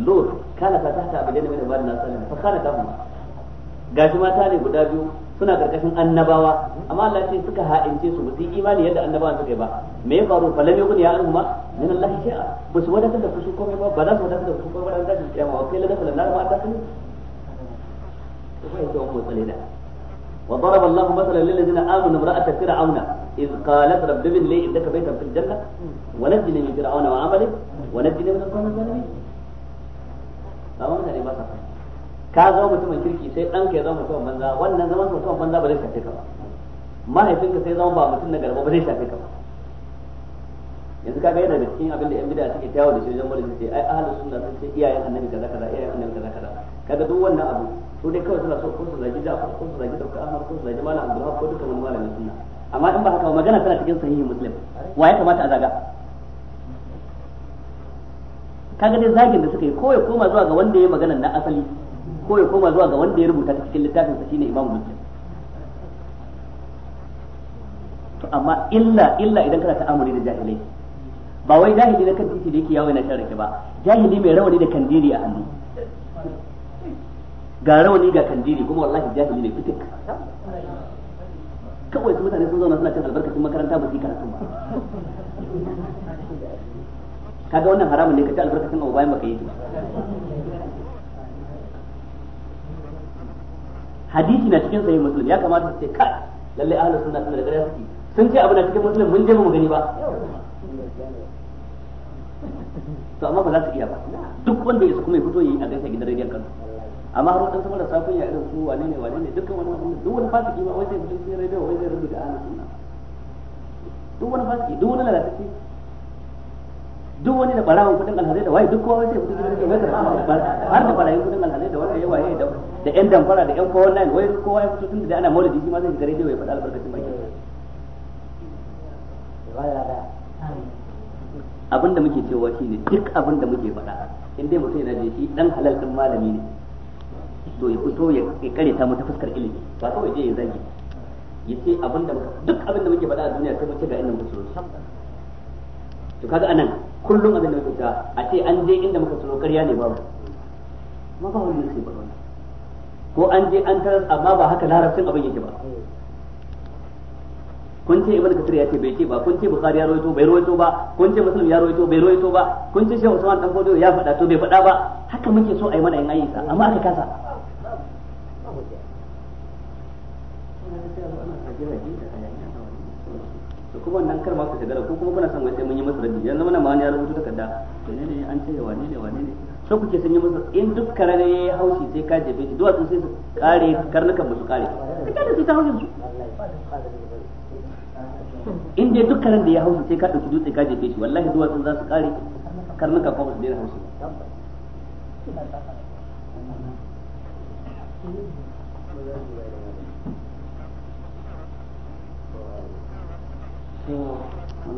Lut kana ta tahta abdain min ibadina salih fa kana tahuma gashi mata ne guda biyu suna karkashin annabawa amma Allah ce suka ha'ince su musu imani yadda annabawa suka yi ba me ya faru falam yakun ya alhuma min Allah shay'a ba su wadatar da su komai ba ba za su wadatar da su komai ba dan kiyama wa kai ladafa lannar ma ta kani ko ya tawo mutsalina wa daraba Allah mathalan lil ladina amanu imra'at fir'auna إذ قالت رب ابن لي عندك بيتا في الجنة ونجني من فرعون وعمله ونجني من القوم الظالمين. فهمنا لباسا ka zama mutumin kirki sai ɗanka ya zama mutumin banza wannan zaman mutumin banza ba zai shafe ka ba mahaifinka sai zama ba mutum na garba ba zai shafe ka ba yanzu kaga yana da cikin abin da yan bid'a suke tawo da shi wajen mulki sai ai ahlus sunna sun ce iyayen annabi kaza kaza iyayen annabi kaza kaza kaga duk wannan abu to dai kawai suna so ko su zagi Ja'far ko su zagi Dr. Ahmad ko su zagi Malam Abdullah ko dukkan wani malamin sunna amma in ba haka magana tana cikin sahihi Muslim wa ya kamata a zaga kaga dai zagin da suka yi ko ya koma zuwa ga wanda ya magana na asali ko ya koma zuwa ga wanda ya rubuta ta cikin littafin sa shine imamu muslim to amma illa illa idan kana ta'amuli da jahilai ba wai jahili na kan titi da yake yawo yana shan rake ba jahili mai rawani da kandiri a hannu ga rawani ga kandiri kuma wallahi jahili ne fitik kawai su mutane sun zauna suna cin albarkacin makaranta ba su yi karatu ba kaga wannan haramun ne ka ci albarkacin abu bayan baka yi ba hadisi na cikin sahih muslim ya kamata su ce kai lalle ahlus sunna suna da gare suke sun ce abu na cikin muslim mun je mu gani ba to amma ba za su iya ba duk wanda ya su kuma ya fito yi a gaisa gidan rediyon kano amma har wadansu marasa ya irin su wane ne wane ne dukkan wani wani duk wani fasiki ma wai zai fito cikin rediyo wai zai rubuta ahlus sunna duk wani fasiki duk wani lalatacce duk wani da barawon kudin alhazai da waye duk kowa sai kudin gidan da wata ba har da barayin kudin alhazai da wanda ya waye da da yan damfara da yan kowa nan wai kowa ya fito tunda da ana maulidi shi ma zai gare da waye faɗa albarkacin baki abin da muke cewa shi ne duk abin da muke faɗa in dai mutum yana da shi dan halal din malami ne to ya fito ya kare ta mu fuskar ilimi ba kawai je ya zagi yace abin da duk abin da muke faɗa a duniya sai mu ce ga inda muke so to kaga anan kullum abin da kuka a ce an je inda muka tsoro ƙarya ne babu amma ba wani ne ba ko an je an tarar amma ba haka larabcin abin yake ba kun ce ibn kasir ya ce bai ce ba kun ce bukhari ya rawaito bai rawaito ba kun ce muslim ya rawaito bai rawaito ba kun ce shehu usman dan bodo ya faɗa to bai faɗa ba haka muke so a yi mana in ayyuka amma aka kasa kuma nan kar ma ku shagala ko kuma kuna son wai sai mun yi masa rabi yanzu muna ma wani ya rubuta takarda to ne ne an ce wa ne ne wa ne so kuke yi masa in duk karare ya yi haushi sai ka jebe shi duwatsu sai su kare karnukan musu kare ka kare su ta haushin su in dai duk karen da ya haushi sai ka ɗauki dutse ka jefe shi wallahi duwatsun za su kare karnuka kuma su daina haushi abu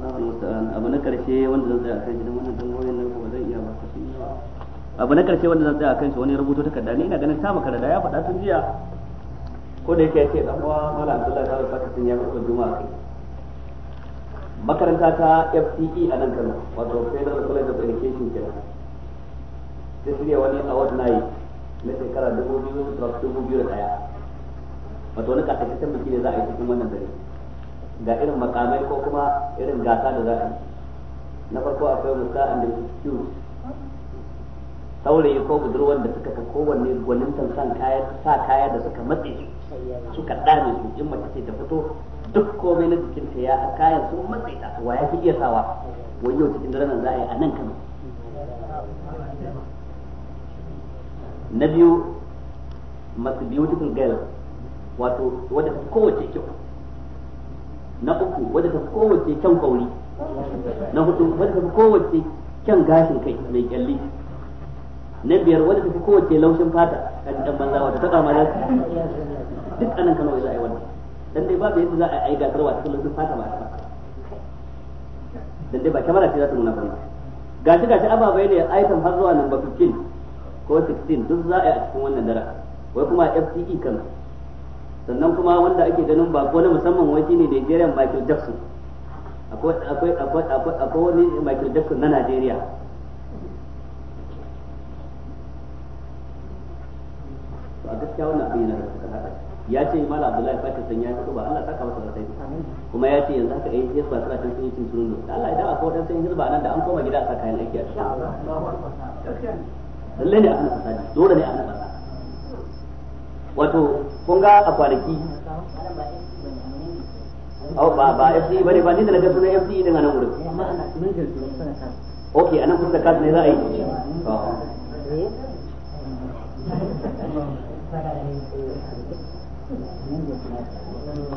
na karshe wanda zan tsaya a kan shi wannan zan iya ba shi abu na karshe wanda zan tsaya a kan shi wani rubuto ta ni ina ganin ta da ya faɗa tun jiya ko da yake yake dan uwa mala abdullahi ta rubuta tun ya karɓi juma kai makaranta ta FCE a nan Kano wato Federal College of Education kenan ta shirya wani award nayi na shekara 2000 2001 wato wani kasashen biki ne za a yi cikin wannan dare ga irin makamai ko kuma irin gasa da za a yi na farko akwai musa'an da cute saurayi ko budurwan da suka ka kowanne gwanintan kaya sa kaya da suka matse su suka dame su in mace ce ta fito duk komai na jikinta ya kayan sun matse ta wa ya fi iya sawa wani yau cikin daren za a yi a nan kan na biyu masu beautiful girl wato wadda kowace kyau na uku wadda ta kowace kyan kauri na hudu wadda ta kowace kyan gashin kai mai kyalli na biyar wadda ta kowace laushin fata kan dan banza wadda ta kama lafi duk anan kano ya za a yi wannan dan dai babu yadda za a yi gasar wa cikin laushin fata ba ta dan dai ba kamar ce za ta nuna ba gashi gashi ababai ne aikan har zuwa ba 15 ko 16 duk za a yi a cikin wannan dara wai kuma FTE kana sannan kuma wanda ake ganin ba ko na musamman wai shine Nigerian Michael Jackson akwai akwai akwai akwai akwai wani Michael Jackson na Nigeria to a gaskiya wannan abin yana da haka ya ce mala abdullahi Fatih san ya fito ba Allah saka masa da sai kuma ya ce yanzu haka ai sai ba suna tantance cin sunan Allah idan akwai wani yin hirba nan da an koma gida a saka kayan aiki a cikin lalle ne a hana fasadi dole ne a hana fasadi wato kun ga a kwanaki au ba ba FCE bane ba ni da naga sunan FCE din a nan wurin ok anan kun kasu ne za a yi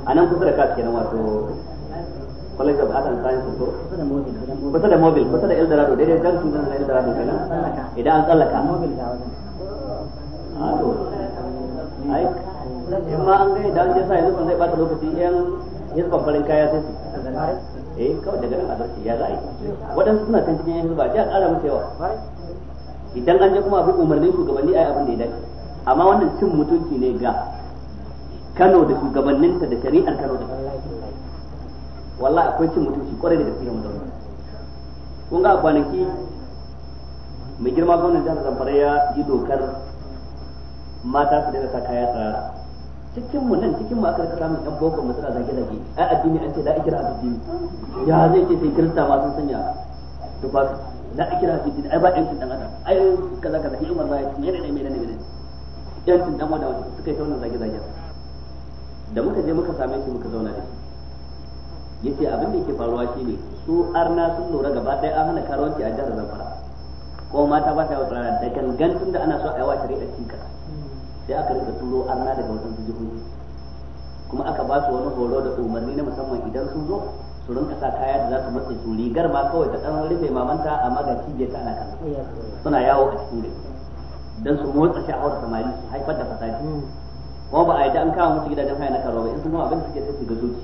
a nan kusa da kas kenan wato college of art and science ko kusa da mobil kusa da eldorado daidai jan su na eldorado kenan idan an tsallaka mobil da wajen a ah, ai in ma an gani da an sa yanzu zai bata lokaci yan yin farin kaya sai su eh kawai daga nan a zarci ya za a yi waɗansu suna kan cikin yan hizba a ƙara musu yawa idan an je kuma abin umarnin shugabanni yi abin da ya dace amma wannan cin mutunci ne ga Kano da shugabanninta da shari'ar Kano da wallahi akwai cin mutunci kwarai da gaske mu zauna kun ga kwanaki mai girma gwamnan jihar Zamfara ya yi dokar mata su daina sa kaya tsirara cikin mu nan cikin mu aka rika samun ɗan boko mu suna zage zage ai addini an ce da kira addini ya zai ce sai kirista ma sun sanya to ba da ikra addini ai ba ɗan dan adam ai kaza kaza shi umar ba ya ce ne ne ne ne ɗan cin dan adam suka yi ta wannan zage zage da muka je muka same shi muka zauna da shi yace abin da yake faruwa shine su arna sun lura gaba ɗaya an hana karawanci a jihar Zamfara ko mata ba ta yawa tsara da gangan tunda ana so a yi wa shari'a cikas sai aka rika turo arna daga wajen jihohi kuma aka ba su wani horo da umarni na musamman idan sun zo su rinka sa kaya da za su matsa su rigar ma kawai ta dan rufe mamanta amma ga cibiyar ta ana kasa suna yawo a cikin gari dan su motsa sha'awar samari su haifar da fasadi hmm. kuma ba a yi an kama musu gidajen haya na karo ba in sun abin suke sai su ga zuci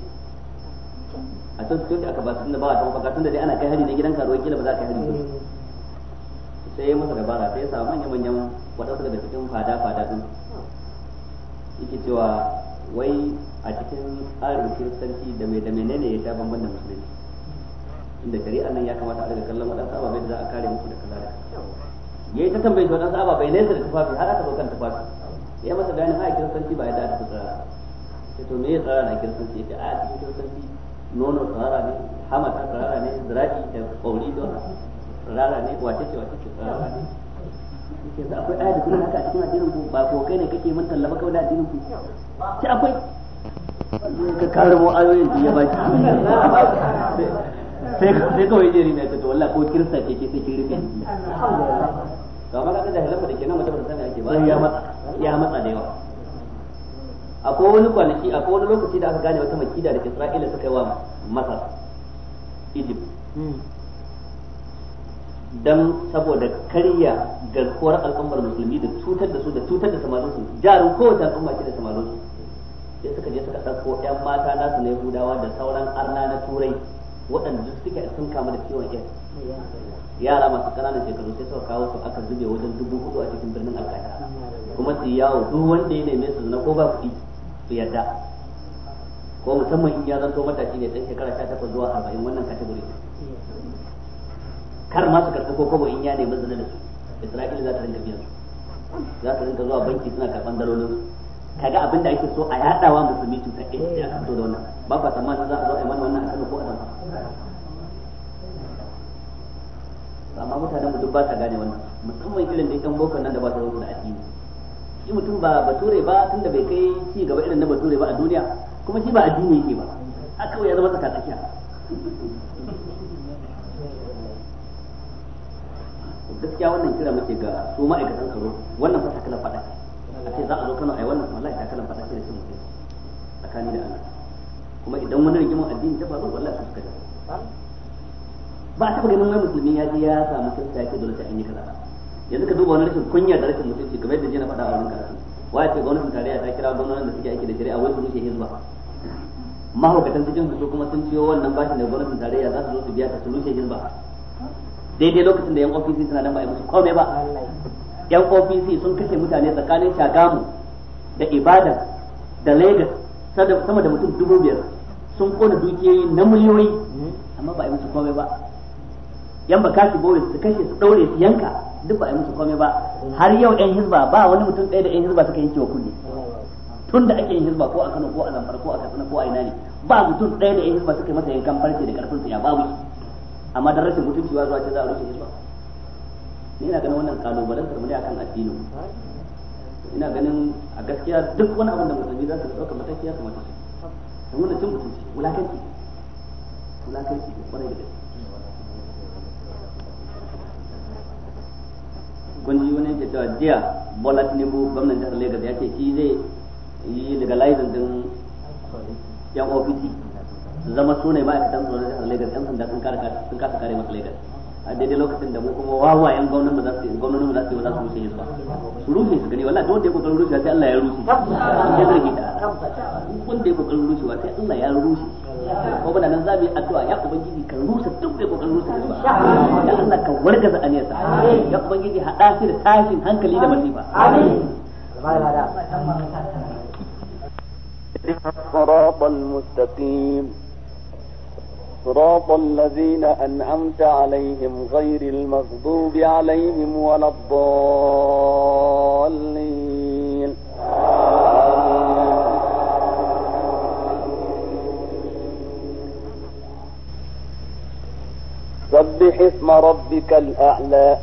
a can su aka ba su tunda ba a taɓa faka tunda dai ana kai hari na gidan karo kila ba za ka hari ba. Hmm. sai ya masa dabara sai ya samu manya-manyan waɗansu daga cikin fada fada ɗin yake cewa wai a cikin tsarin kiristanci da mai da menene ya sha bamban da musulunci inda gari nan ya kamata a daga kallon waɗansu ababai da za a kare musu da kaza da ya yi ta tambayi waɗansu ababai nesa da tufafi har aka zo kan tufafi ya masa bayanin a kiristanci ba ya da ta tsara ya to me ya tsara na kiristanci ya ce a cikin kiristanci nono tsara ne hamata tsara ne zirafi da ƙauri don tsara ne wace ce wace ce tsara ne yanzu akwai aya da sunan haka a cikin addinin ku ba ko kai ne kake mun tallaba kawai da addinin ku ci akwai ka karamo ayoyin da ya ba ki sai sai kawai jeri ne ta to wallahi ko kirsa ke ke sai ki rufe ga ma kaga jahilan da kenan mutum da sani ake ba ya matsa ya matsa da yawa akwai wani kwanaki akwai wani lokaci da aka gane wata makida da Isra'ila suka yi wa Masar Egypt hmm. dan saboda karya garkuwar al'ummar musulmi da cutar da su da cutar da samarin su jarin kowace al'umma ce da samarin su sai suka je suka ɗauko 'yan mata na su na yahudawa da sauran arna na turai waɗanda duk suke sun kama da ciwon ƴan yara masu ƙananan shekaru sai suka kawo su aka zube wajen dubu hudu a cikin birnin alkata kuma su yawo duk wanda ya neme su na ko ba kuɗi su yarda ko musamman in ya zanto matashi ne ɗan shekara sha takwas zuwa arba'in wannan kategori kar ma su karɓi ko kobo in ya nemi zina da su isra'ila za ta rinka biyan su za ta rinka zuwa banki suna karɓan dalolin su kaga abin da ake so a yaɗawa musulmi cuta ɗaya sai a fito da wannan ba ta tsammanin za a zo a yi mana wannan a kano ko a dama amma mutanen mu duk ba ta gane wannan musamman irin da ɗan boko nan da ba ta zo da addini shi mutum ba bature ba tun da bai kai ci gaba irin na bature ba a duniya kuma shi ba addini yake ba a kawai ya zama tsaka gaskiya wannan kira muke ga su ma'aikatan tsaro wannan fa takalan fada a ce za a zo Kano ai wannan wallahi takalan fada ce da shi mutum tsakani da Allah kuma idan wani rigimar addini ta faru wallahi su suka ba a taɓa ganin wani musulmi ya je ya samu kirista yake dole ta yi kaza ba yanzu ka duba wani rashin kunya da rashin mutunci kamar yadda jiya na faɗa a wurin karatu waye ce gwamnatin tarayya ta kira gwamnatin da suke aiki da shari'a wai su rushe hizba mahaukatan cikin su kuma sun ciyo wannan bashin da gwamnatin tarayya za su zo su biya ta su rushe hizba daidai lokacin da yan ofisi suna nan ba musu komai ba yan ofisi sun kashe mutane tsakanin shagamu da ibada da lagos sama da mutum dubu biyar sun kona dukiyoyi na miliyoyi amma ba a yi musu komai ba yan ba kashi boye su kashe su daure su yanka duk ba a yi musu komai ba har yau yan hizba ba wani mutum ɗaya da yan hizba suka yanke wa kunne tun da ake yin hizba ko a Kano ko a Zamfara ko a Katsina ko a ina ne ba mutum ɗaya da yan hizba suka yi masa yankan farce da ƙarfin su ya babu amma dan rashin mutunci ba zuwa ce za a rushe hizba ni ina ganin wannan kalubalantar mu ne akan addini ina ganin a gaskiya duk wani abin da musulmi za su ɗauka mataki ya kamata su don wannan cin mutunci wulakanci wulakanci da kwarai da gaske kun ji wani cewa jiya bola tinubu gwamnan jihar lagos ya ce shi zai yi legalizing din yan ofisi zama su ne ma'aikatan tsoron na jihar Lagos yan sanda sun kare sun kasa kare masa Lagos a daidai lokacin da mu kuma wawayen gwamnatin mu za su gwamnatin za su yi za su rushe su rushe su gani wallahi don da ya kokarin rushewa sai Allah ya rushe ya zargi ta kun da ya kokarin rushewa sai Allah ya rushe ko bana nan zabi yi addu'a ya ubangiji ka rusa duk da kokarin rusa Hizba ya Allah ka wargaza aniyarsa ya ubangiji hada shi da tashin hankali da masifa amin الصراط المستقيم صراط الذين أنعمت عليهم غير المغضوب عليهم ولا الضالين سبح اسم ربك الأعلى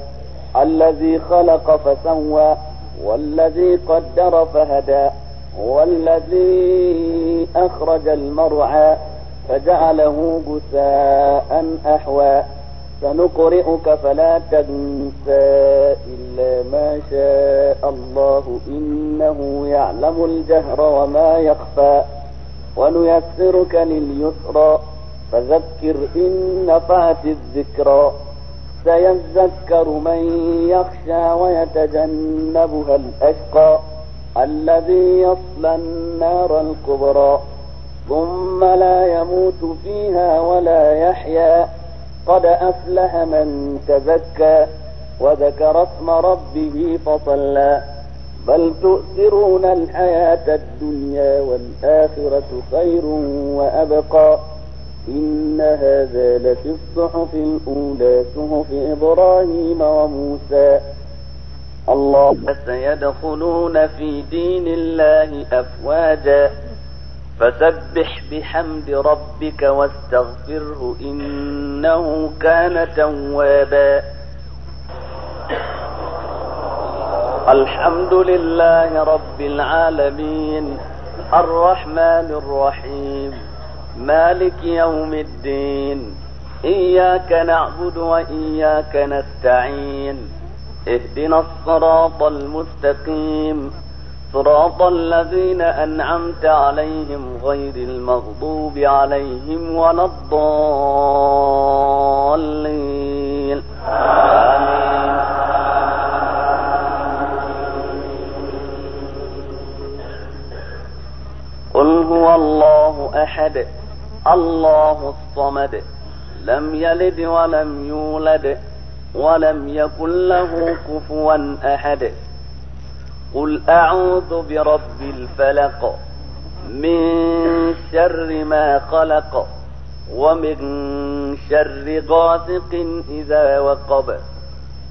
الذي خلق فسوى والذي قدر فهدى والذي أخرج المرعى فجعله جثاء أحوى سنقرئك فلا تنسى إلا ما شاء الله إنه يعلم الجهر وما يخفى ونيسرك لليسرى فذكر إن نفعت الذكرى سيذكر من يخشى ويتجنبها الأشقى الذي يصلى النار الكبرى ثم لا يموت فيها ولا يحيا قد أفلح من تزكى وذكر اسم ربه فصلى بل تؤثرون الحياة الدنيا والآخرة خير وأبقى إن هذا لفي الصحف الأولى صحف إبراهيم وموسى الله سيدخلون في دين الله أفواجا فسبح بحمد ربك واستغفره إنه كان توابا الحمد لله رب العالمين الرحمن الرحيم مالك يوم الدين إياك نعبد وإياك نستعين اهدنا الصراط المستقيم صراط الذين أنعمت عليهم غير المغضوب عليهم ولا الضالين آمين قل هو الله أحد الله الصمد لم يلد ولم يولد ولم يكن له كفوا أحد قل أعوذ برب الفلق من شر ما خلق ومن شر غاسق إذا وقب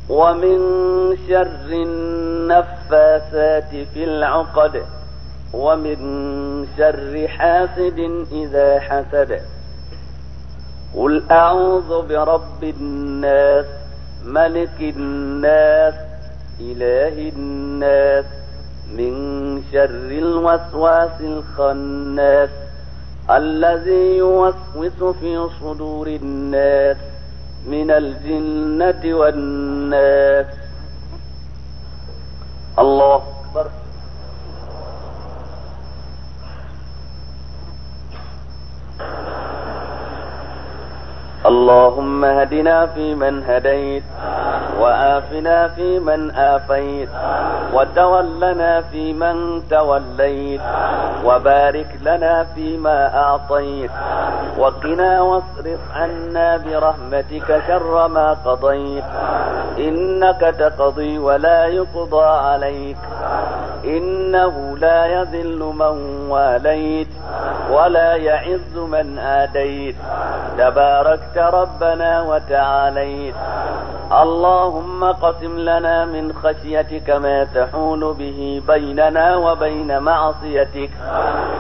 ومن شر النفاثات في العقد ومن شر حاسد إذا حسد قل أعوذ برب الناس ملك الناس إله الناس من شر الوسواس الخناس الذي يوسوس في صدور الناس من الجنة والناس الله أكبر اللهم اهدنا فيمن هديت وآفنا فيمن آفيت وتولنا فيمن توليت وبارك لنا فيما أعطيت وقنا واصرف عنا برحمتك شر ما قضيت إنك تقضي ولا يقضى عليك إنه لا يذل من واليت ولا يعز من آديت تباركت أنت ربنا وتعاليت اللهم قسم لنا من خشيتك ما تحول به بيننا وبين معصيتك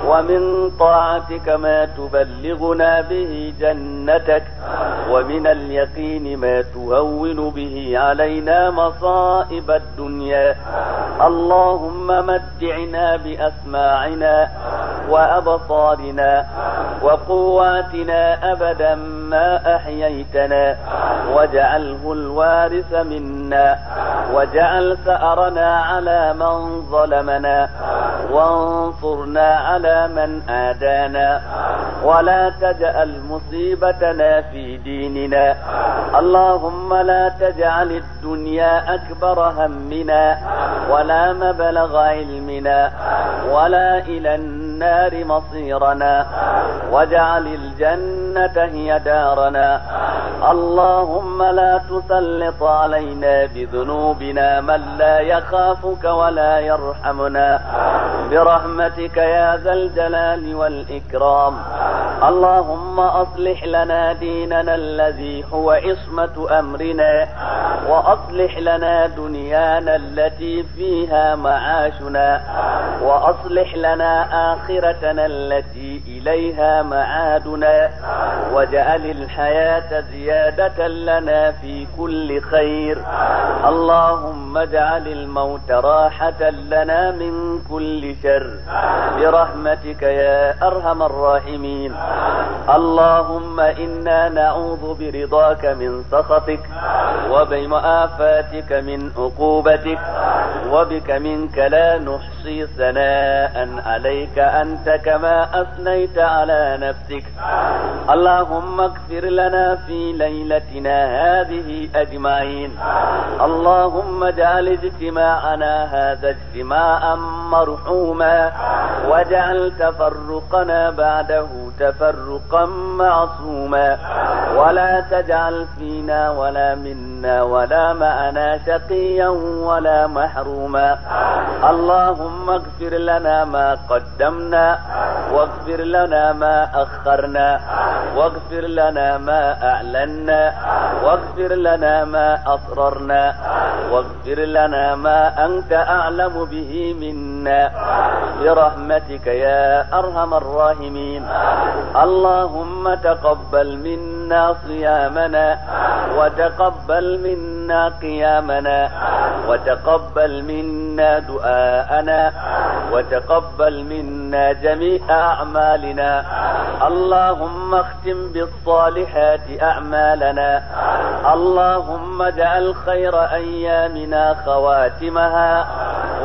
ومن طاعتك ما تبلغنا به جنتك ومن اليقين ما تهون به علينا مصائب الدنيا اللهم متعنا بأسماعنا وأبصارنا وقواتنا أبدا ما أحييتنا واجعله الوارث منا واجعل ثأرنا على من ظلمنا وانصرنا على من آدانا ولا تجعل مصيبتنا في ديننا اللهم لا تجعل الدنيا أكبر همنا ولا مبلغ علمنا ولا إلى النار النار مصيرنا واجعل الجنة هي دارنا اللهم لا تسلط علينا بذنوبنا من لا يخافك ولا يرحمنا برحمتك يا ذا الجلال والإكرام اللهم أصلح لنا ديننا الذي هو عصمة أمرنا وأصلح لنا دنيانا التي فيها معاشنا وأصلح لنا آخرنا آخرتنا التي إليها معادنا واجعل الحياة زيادة لنا في كل خير اللهم اجعل الموت راحة لنا من كل شر برحمتك يا أرحم الراحمين اللهم إنا نعوذ برضاك من سخطك وبمآفاتك من عقوبتك وبك منك لا نحصي ثناء عليك أنت كما أثنيت على نفسك اللهم اغفر لنا في ليلتنا هذه أجمعين اللهم اجعل اجتماعنا هذا اجتماعا مرحوما واجعل تفرقنا بعده تفرقا معصوما ولا تجعل فينا ولا منا ولا معنا شقيا ولا محروما اللهم اغفر لنا ما قدمنا قدمنا واغفر لنا ما أخرنا واغفر لنا ما أعلنا واغفر لنا ما أسررنا واغفر لنا ما أنت أعلم به منا برحمتك يا أرحم الراحمين اللهم تقبل منا صيامنا وتقبل منا قيامنا وتقبل منا دعاءنا وتقبل منا عنا جميع أعمالنا اللهم اختم بالصالحات أعمالنا اللهم اجعل خير أيامنا خواتمها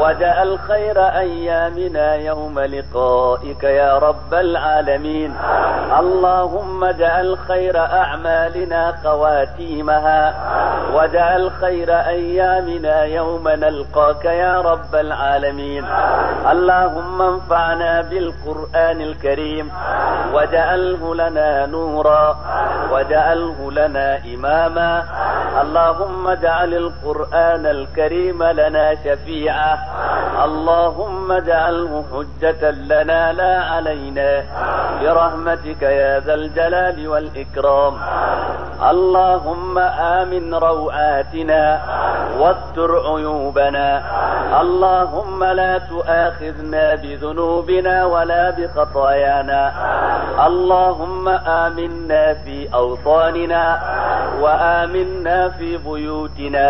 وجعل خير أيامنا يوم لقائك يا رب العالمين اللهم اجعل خير أعمالنا خواتيمها واجعل خير أيامنا يوم نلقاك يا رب العالمين اللهم انفعنا بالقرآن الكريم واجعله لنا نورا واجعله لنا إماما اللهم اجعل القرآن الكريم لنا شفيعا اللهم اجعله حجة لنا لا علينا برحمتك يا ذا الجلال والإكرام اللهم آمن روآتنا واستر عيوبنا اللهم لا تؤاخذنا بذنوبنا ولا بخطايانا اللهم آمنا في أوطاننا وآمنا في بيوتنا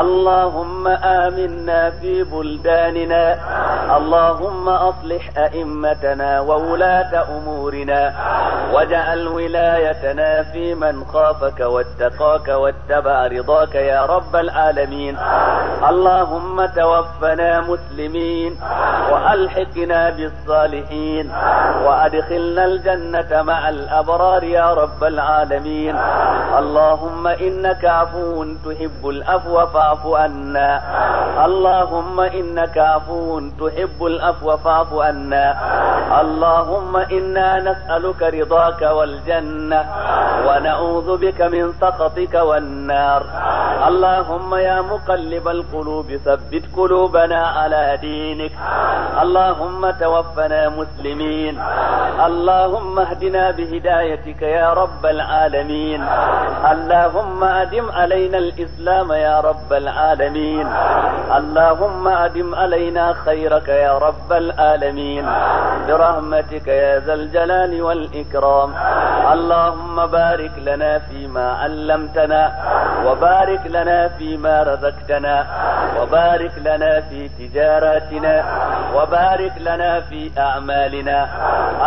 اللهم آمنا في بلداننا بلساننا اللهم أصلح أئمتنا وولاة أمورنا واجعل ولايتنا في من خافك واتقاك واتبع رضاك يا رب العالمين اللهم توفنا مسلمين وألحقنا بالصالحين وأدخلنا الجنة مع الأبرار يا رب العالمين اللهم إنك عفو تحب العفو فاعف عنا اللهم إنك كافون تحب الأفو فاعف عنا اللهم إنا نسألك رضاك والجنة ونعوذ بك من سخطك والنار اللهم يا مقلب القلوب ثبت قلوبنا على دينك اللهم توفنا مسلمين اللهم اهدنا بهدايتك يا رب العالمين اللهم أدم علينا الإسلام يا رب العالمين اللهم أدم علينا خيرك يا رب العالمين برحمتك يا ذا الجلال والإكرام اللهم بارك لنا فيما علمتنا وبارك لنا فيما رزقتنا وبارك لنا في تجاراتنا وبارك لنا في أعمالنا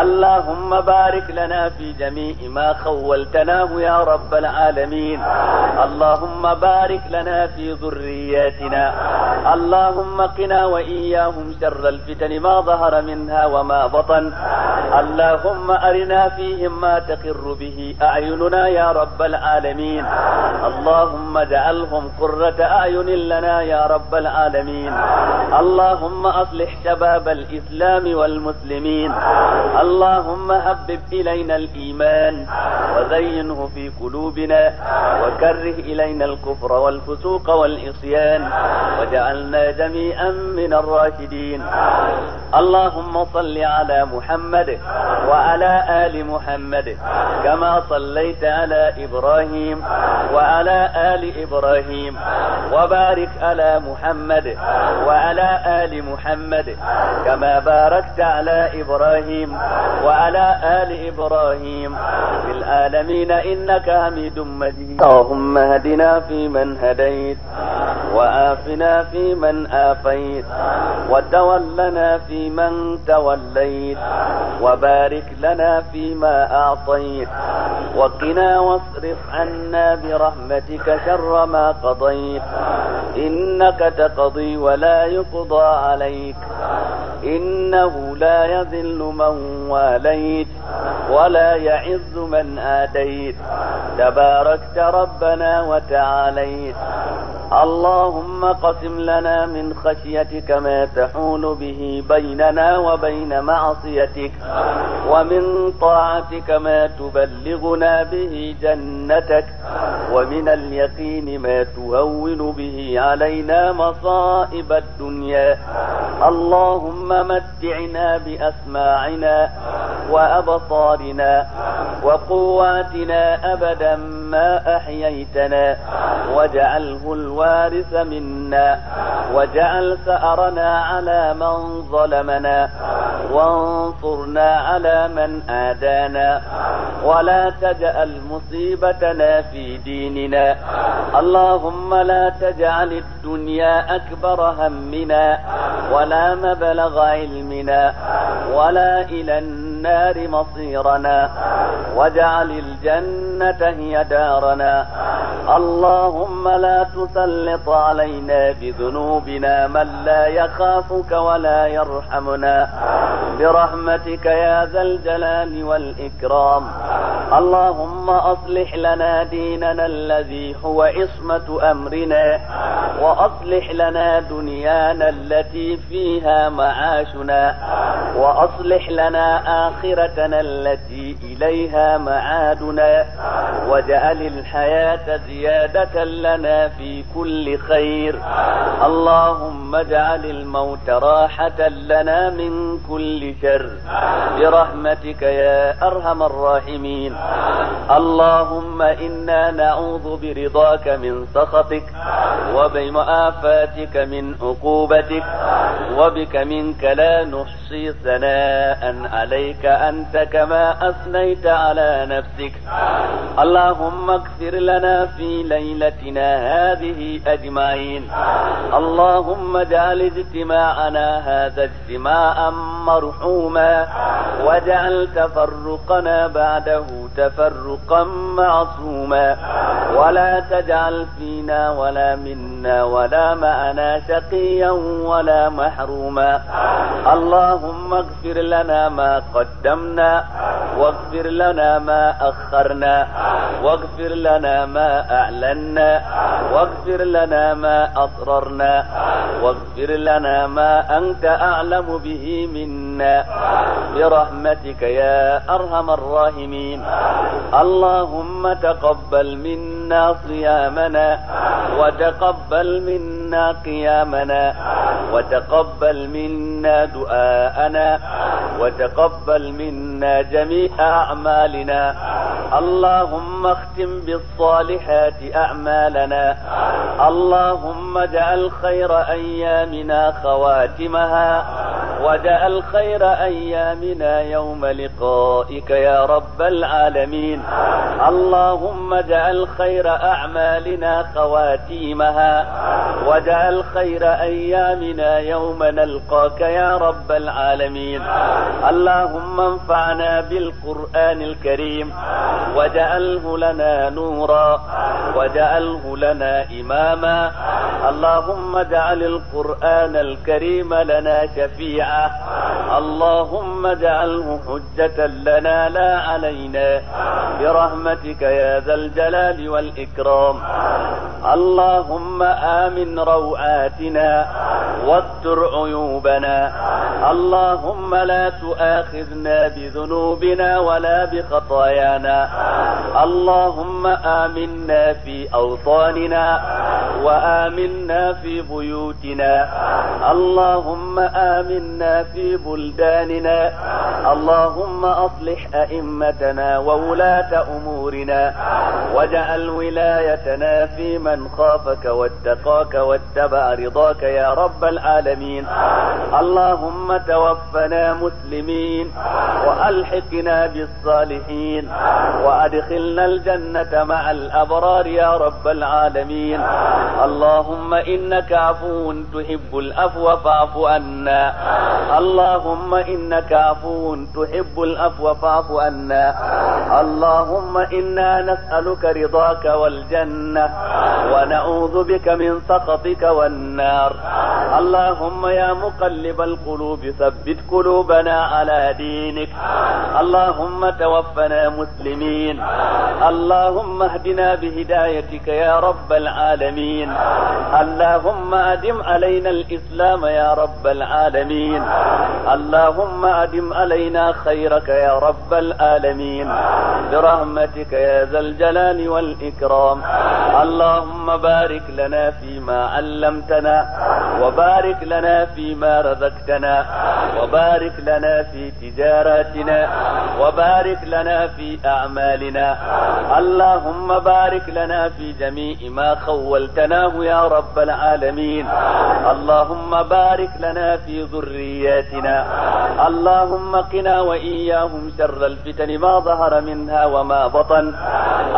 اللهم بارك لنا في جميع ما خولتناه يا رب العالمين اللهم بارك لنا في ذرياتنا اللهم قنا وإياهم شر الفتن ما ظهر منها وما بطن اللهم أرنا فيهم ما تقر به أعيننا يا رب العالمين اللهم اجعلهم قرة أعين لنا يا رب العالمين اللهم أصلح شباب الإسلام والمسلمين اللهم حبب إلينا الإيمان وزينه في قلوبنا وكره إلينا الكفر والفسوق والعصيان وجعلنا جميعا من الراشدين اللهم صل على محمد محمد وعلى آل محمد كما صليت على إبراهيم وعلى آل إبراهيم وبارك على محمد وعلى آل محمد كما باركت على إبراهيم وعلى آل إبراهيم في العالمين إنك حميد مجيد اللهم اهدنا فيمن هديت وآفنا فيمن آفيت وتولنا فيمن توليت وبارك لنا فيما أعطيت وقنا واصرف عنا برحمتك شر ما قضيت إنك تقضي ولا يقضى عليك إنه لا يذل من واليت ولا يعز من آتيت تباركت ربنا وتعاليت اللهم قسم لنا من خشيتك ما تحول به بيننا وبين معصيتك ومن طاعتك ما تبلغنا به جنتك ومن اليقين ما تهون به علينا مصائب الدنيا اللهم متعنا بأسماعنا وأبصارنا وقواتنا أبدا ما أحييتنا واجعله الوارث منا واجعل ثأرنا على من ظلمنا وانصرنا على من آدانا ولا تجعل مصيبتنا في ديننا اللهم لا تجعل الدنيا أكبر همنا ولا مبلغ علمنا ولا إلى النار مصيرنا واجعل الجنة هي دارنا اللهم لا تسلط علينا بذنوبنا من لا يخافك ولا يرحمنا برحمتك يا ذا الجلال والإكرام اللهم أصلح لنا ديننا الذي هو عصمة أمرنا وأصلح لنا دنيانا التي فيها معاشنا وأصلح لنا آخرتنا التي إليها معادنا واجعل الحياة زيادة لنا في كل خير اللهم اجعل الموت راحة لنا من كل شر برحمتك يا أرحم الراحمين اللهم إنا نعوذ برضاك من سخطك وبمعافاتك من عقوبتك وبك منك لا نحصي ثناء عليك أنت كما أثنيت على نفسك الله اللهم اغفر لنا في ليلتنا هذه أجمعين اللهم اجعل اجتماعنا هذا اجتماعا مرحوما واجعل تفرقنا بعده تفرقا معصوما ولا تجعل فينا ولا منا ولا معنا شقيا ولا محروما اللهم اغفر لنا ما قدمنا واغفر لنا ما أخرنا واغفر لنا ما أعلنا واغفر لنا ما أضررنا واغفر لنا ما أنت أعلم به منا برحمتك يا أرحم الراحمين اللهم تقبل منا صيامنا وتقبل منا قيامنا وتقبل منا دعاءنا وتقبل منا جميع أعمالنا اللهم اللهم اختم بالصالحات أعمالنا اللهم اجعل خير أيامنا خواتمها وجعل خير أيامنا يوم لقائك يا رب العالمين اللهم اجعل خير أعمالنا خواتيمها وجعل خير أيامنا يوم نلقاك يا رب العالمين اللهم انفعنا بالقرآن الكريم وجعل واجعله لنا نورا واجعله لنا إماما اللهم اجعل القرآن الكريم لنا شفيعا اللهم اجعله حجة لنا لا علينا برحمتك يا ذا الجلال والإكرام اللهم آمن روعاتنا واستر عيوبنا اللهم لا تؤاخذنا بذنوبنا ولا بخطايانا اللهم آمنا في أوطاننا وآمنا في بيوتنا اللهم آمنا في بلداننا اللهم أصلح أئمتنا وولاة أمورنا واجعل ولايتنا في من خافك واتقاك واتبع رضاك يا رب العالمين اللهم توفنا مسلمين وألحقنا بالصالحين وأدخلنا الجنة مع الأبرار يا رب العالمين اللهم إنك عفو تحب الأفو فاعف عنا اللهم إنك عفو تحب الأفو فاعف عنا اللهم إنا نسألك رضاك والجنة ونعوذ بك من سخطك والنار اللهم يا مقلب القلوب ثبت قلوبنا على دينك اللهم توفنا مسلمين اللهم اهدنا بهدايتك يا رب العالمين العالمين اللهم أدم علينا الإسلام يا رب العالمين اللهم أدم علينا خيرك يا رب العالمين برحمتك يا ذا الجلال والإكرام اللهم بارك لنا فيما علمتنا وبارك لنا فيما رزقتنا وبارك لنا في تجاراتنا وبارك لنا في أعمالنا اللهم بارك لنا في جميع ما خولتنا سلام يا رب العالمين اللهم بارك لنا في ذرياتنا اللهم قنا وإياهم شر الفتن ما ظهر منها وما بطن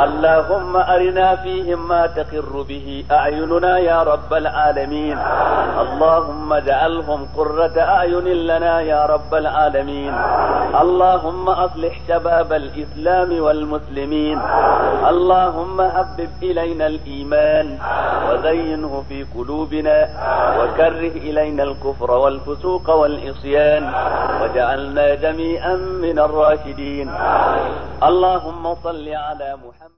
اللهم أرنا فيهم ما تقر به أعيننا يا رب العالمين اللهم اجعلهم قرة أعين لنا يا رب العالمين اللهم أصلح شباب الإسلام والمسلمين اللهم حبب إلينا الإيمان وزينه في قلوبنا وكره إلينا الكفر والفسوق والعصيان وجعلنا جميعا من الراشدين اللهم صل على محمد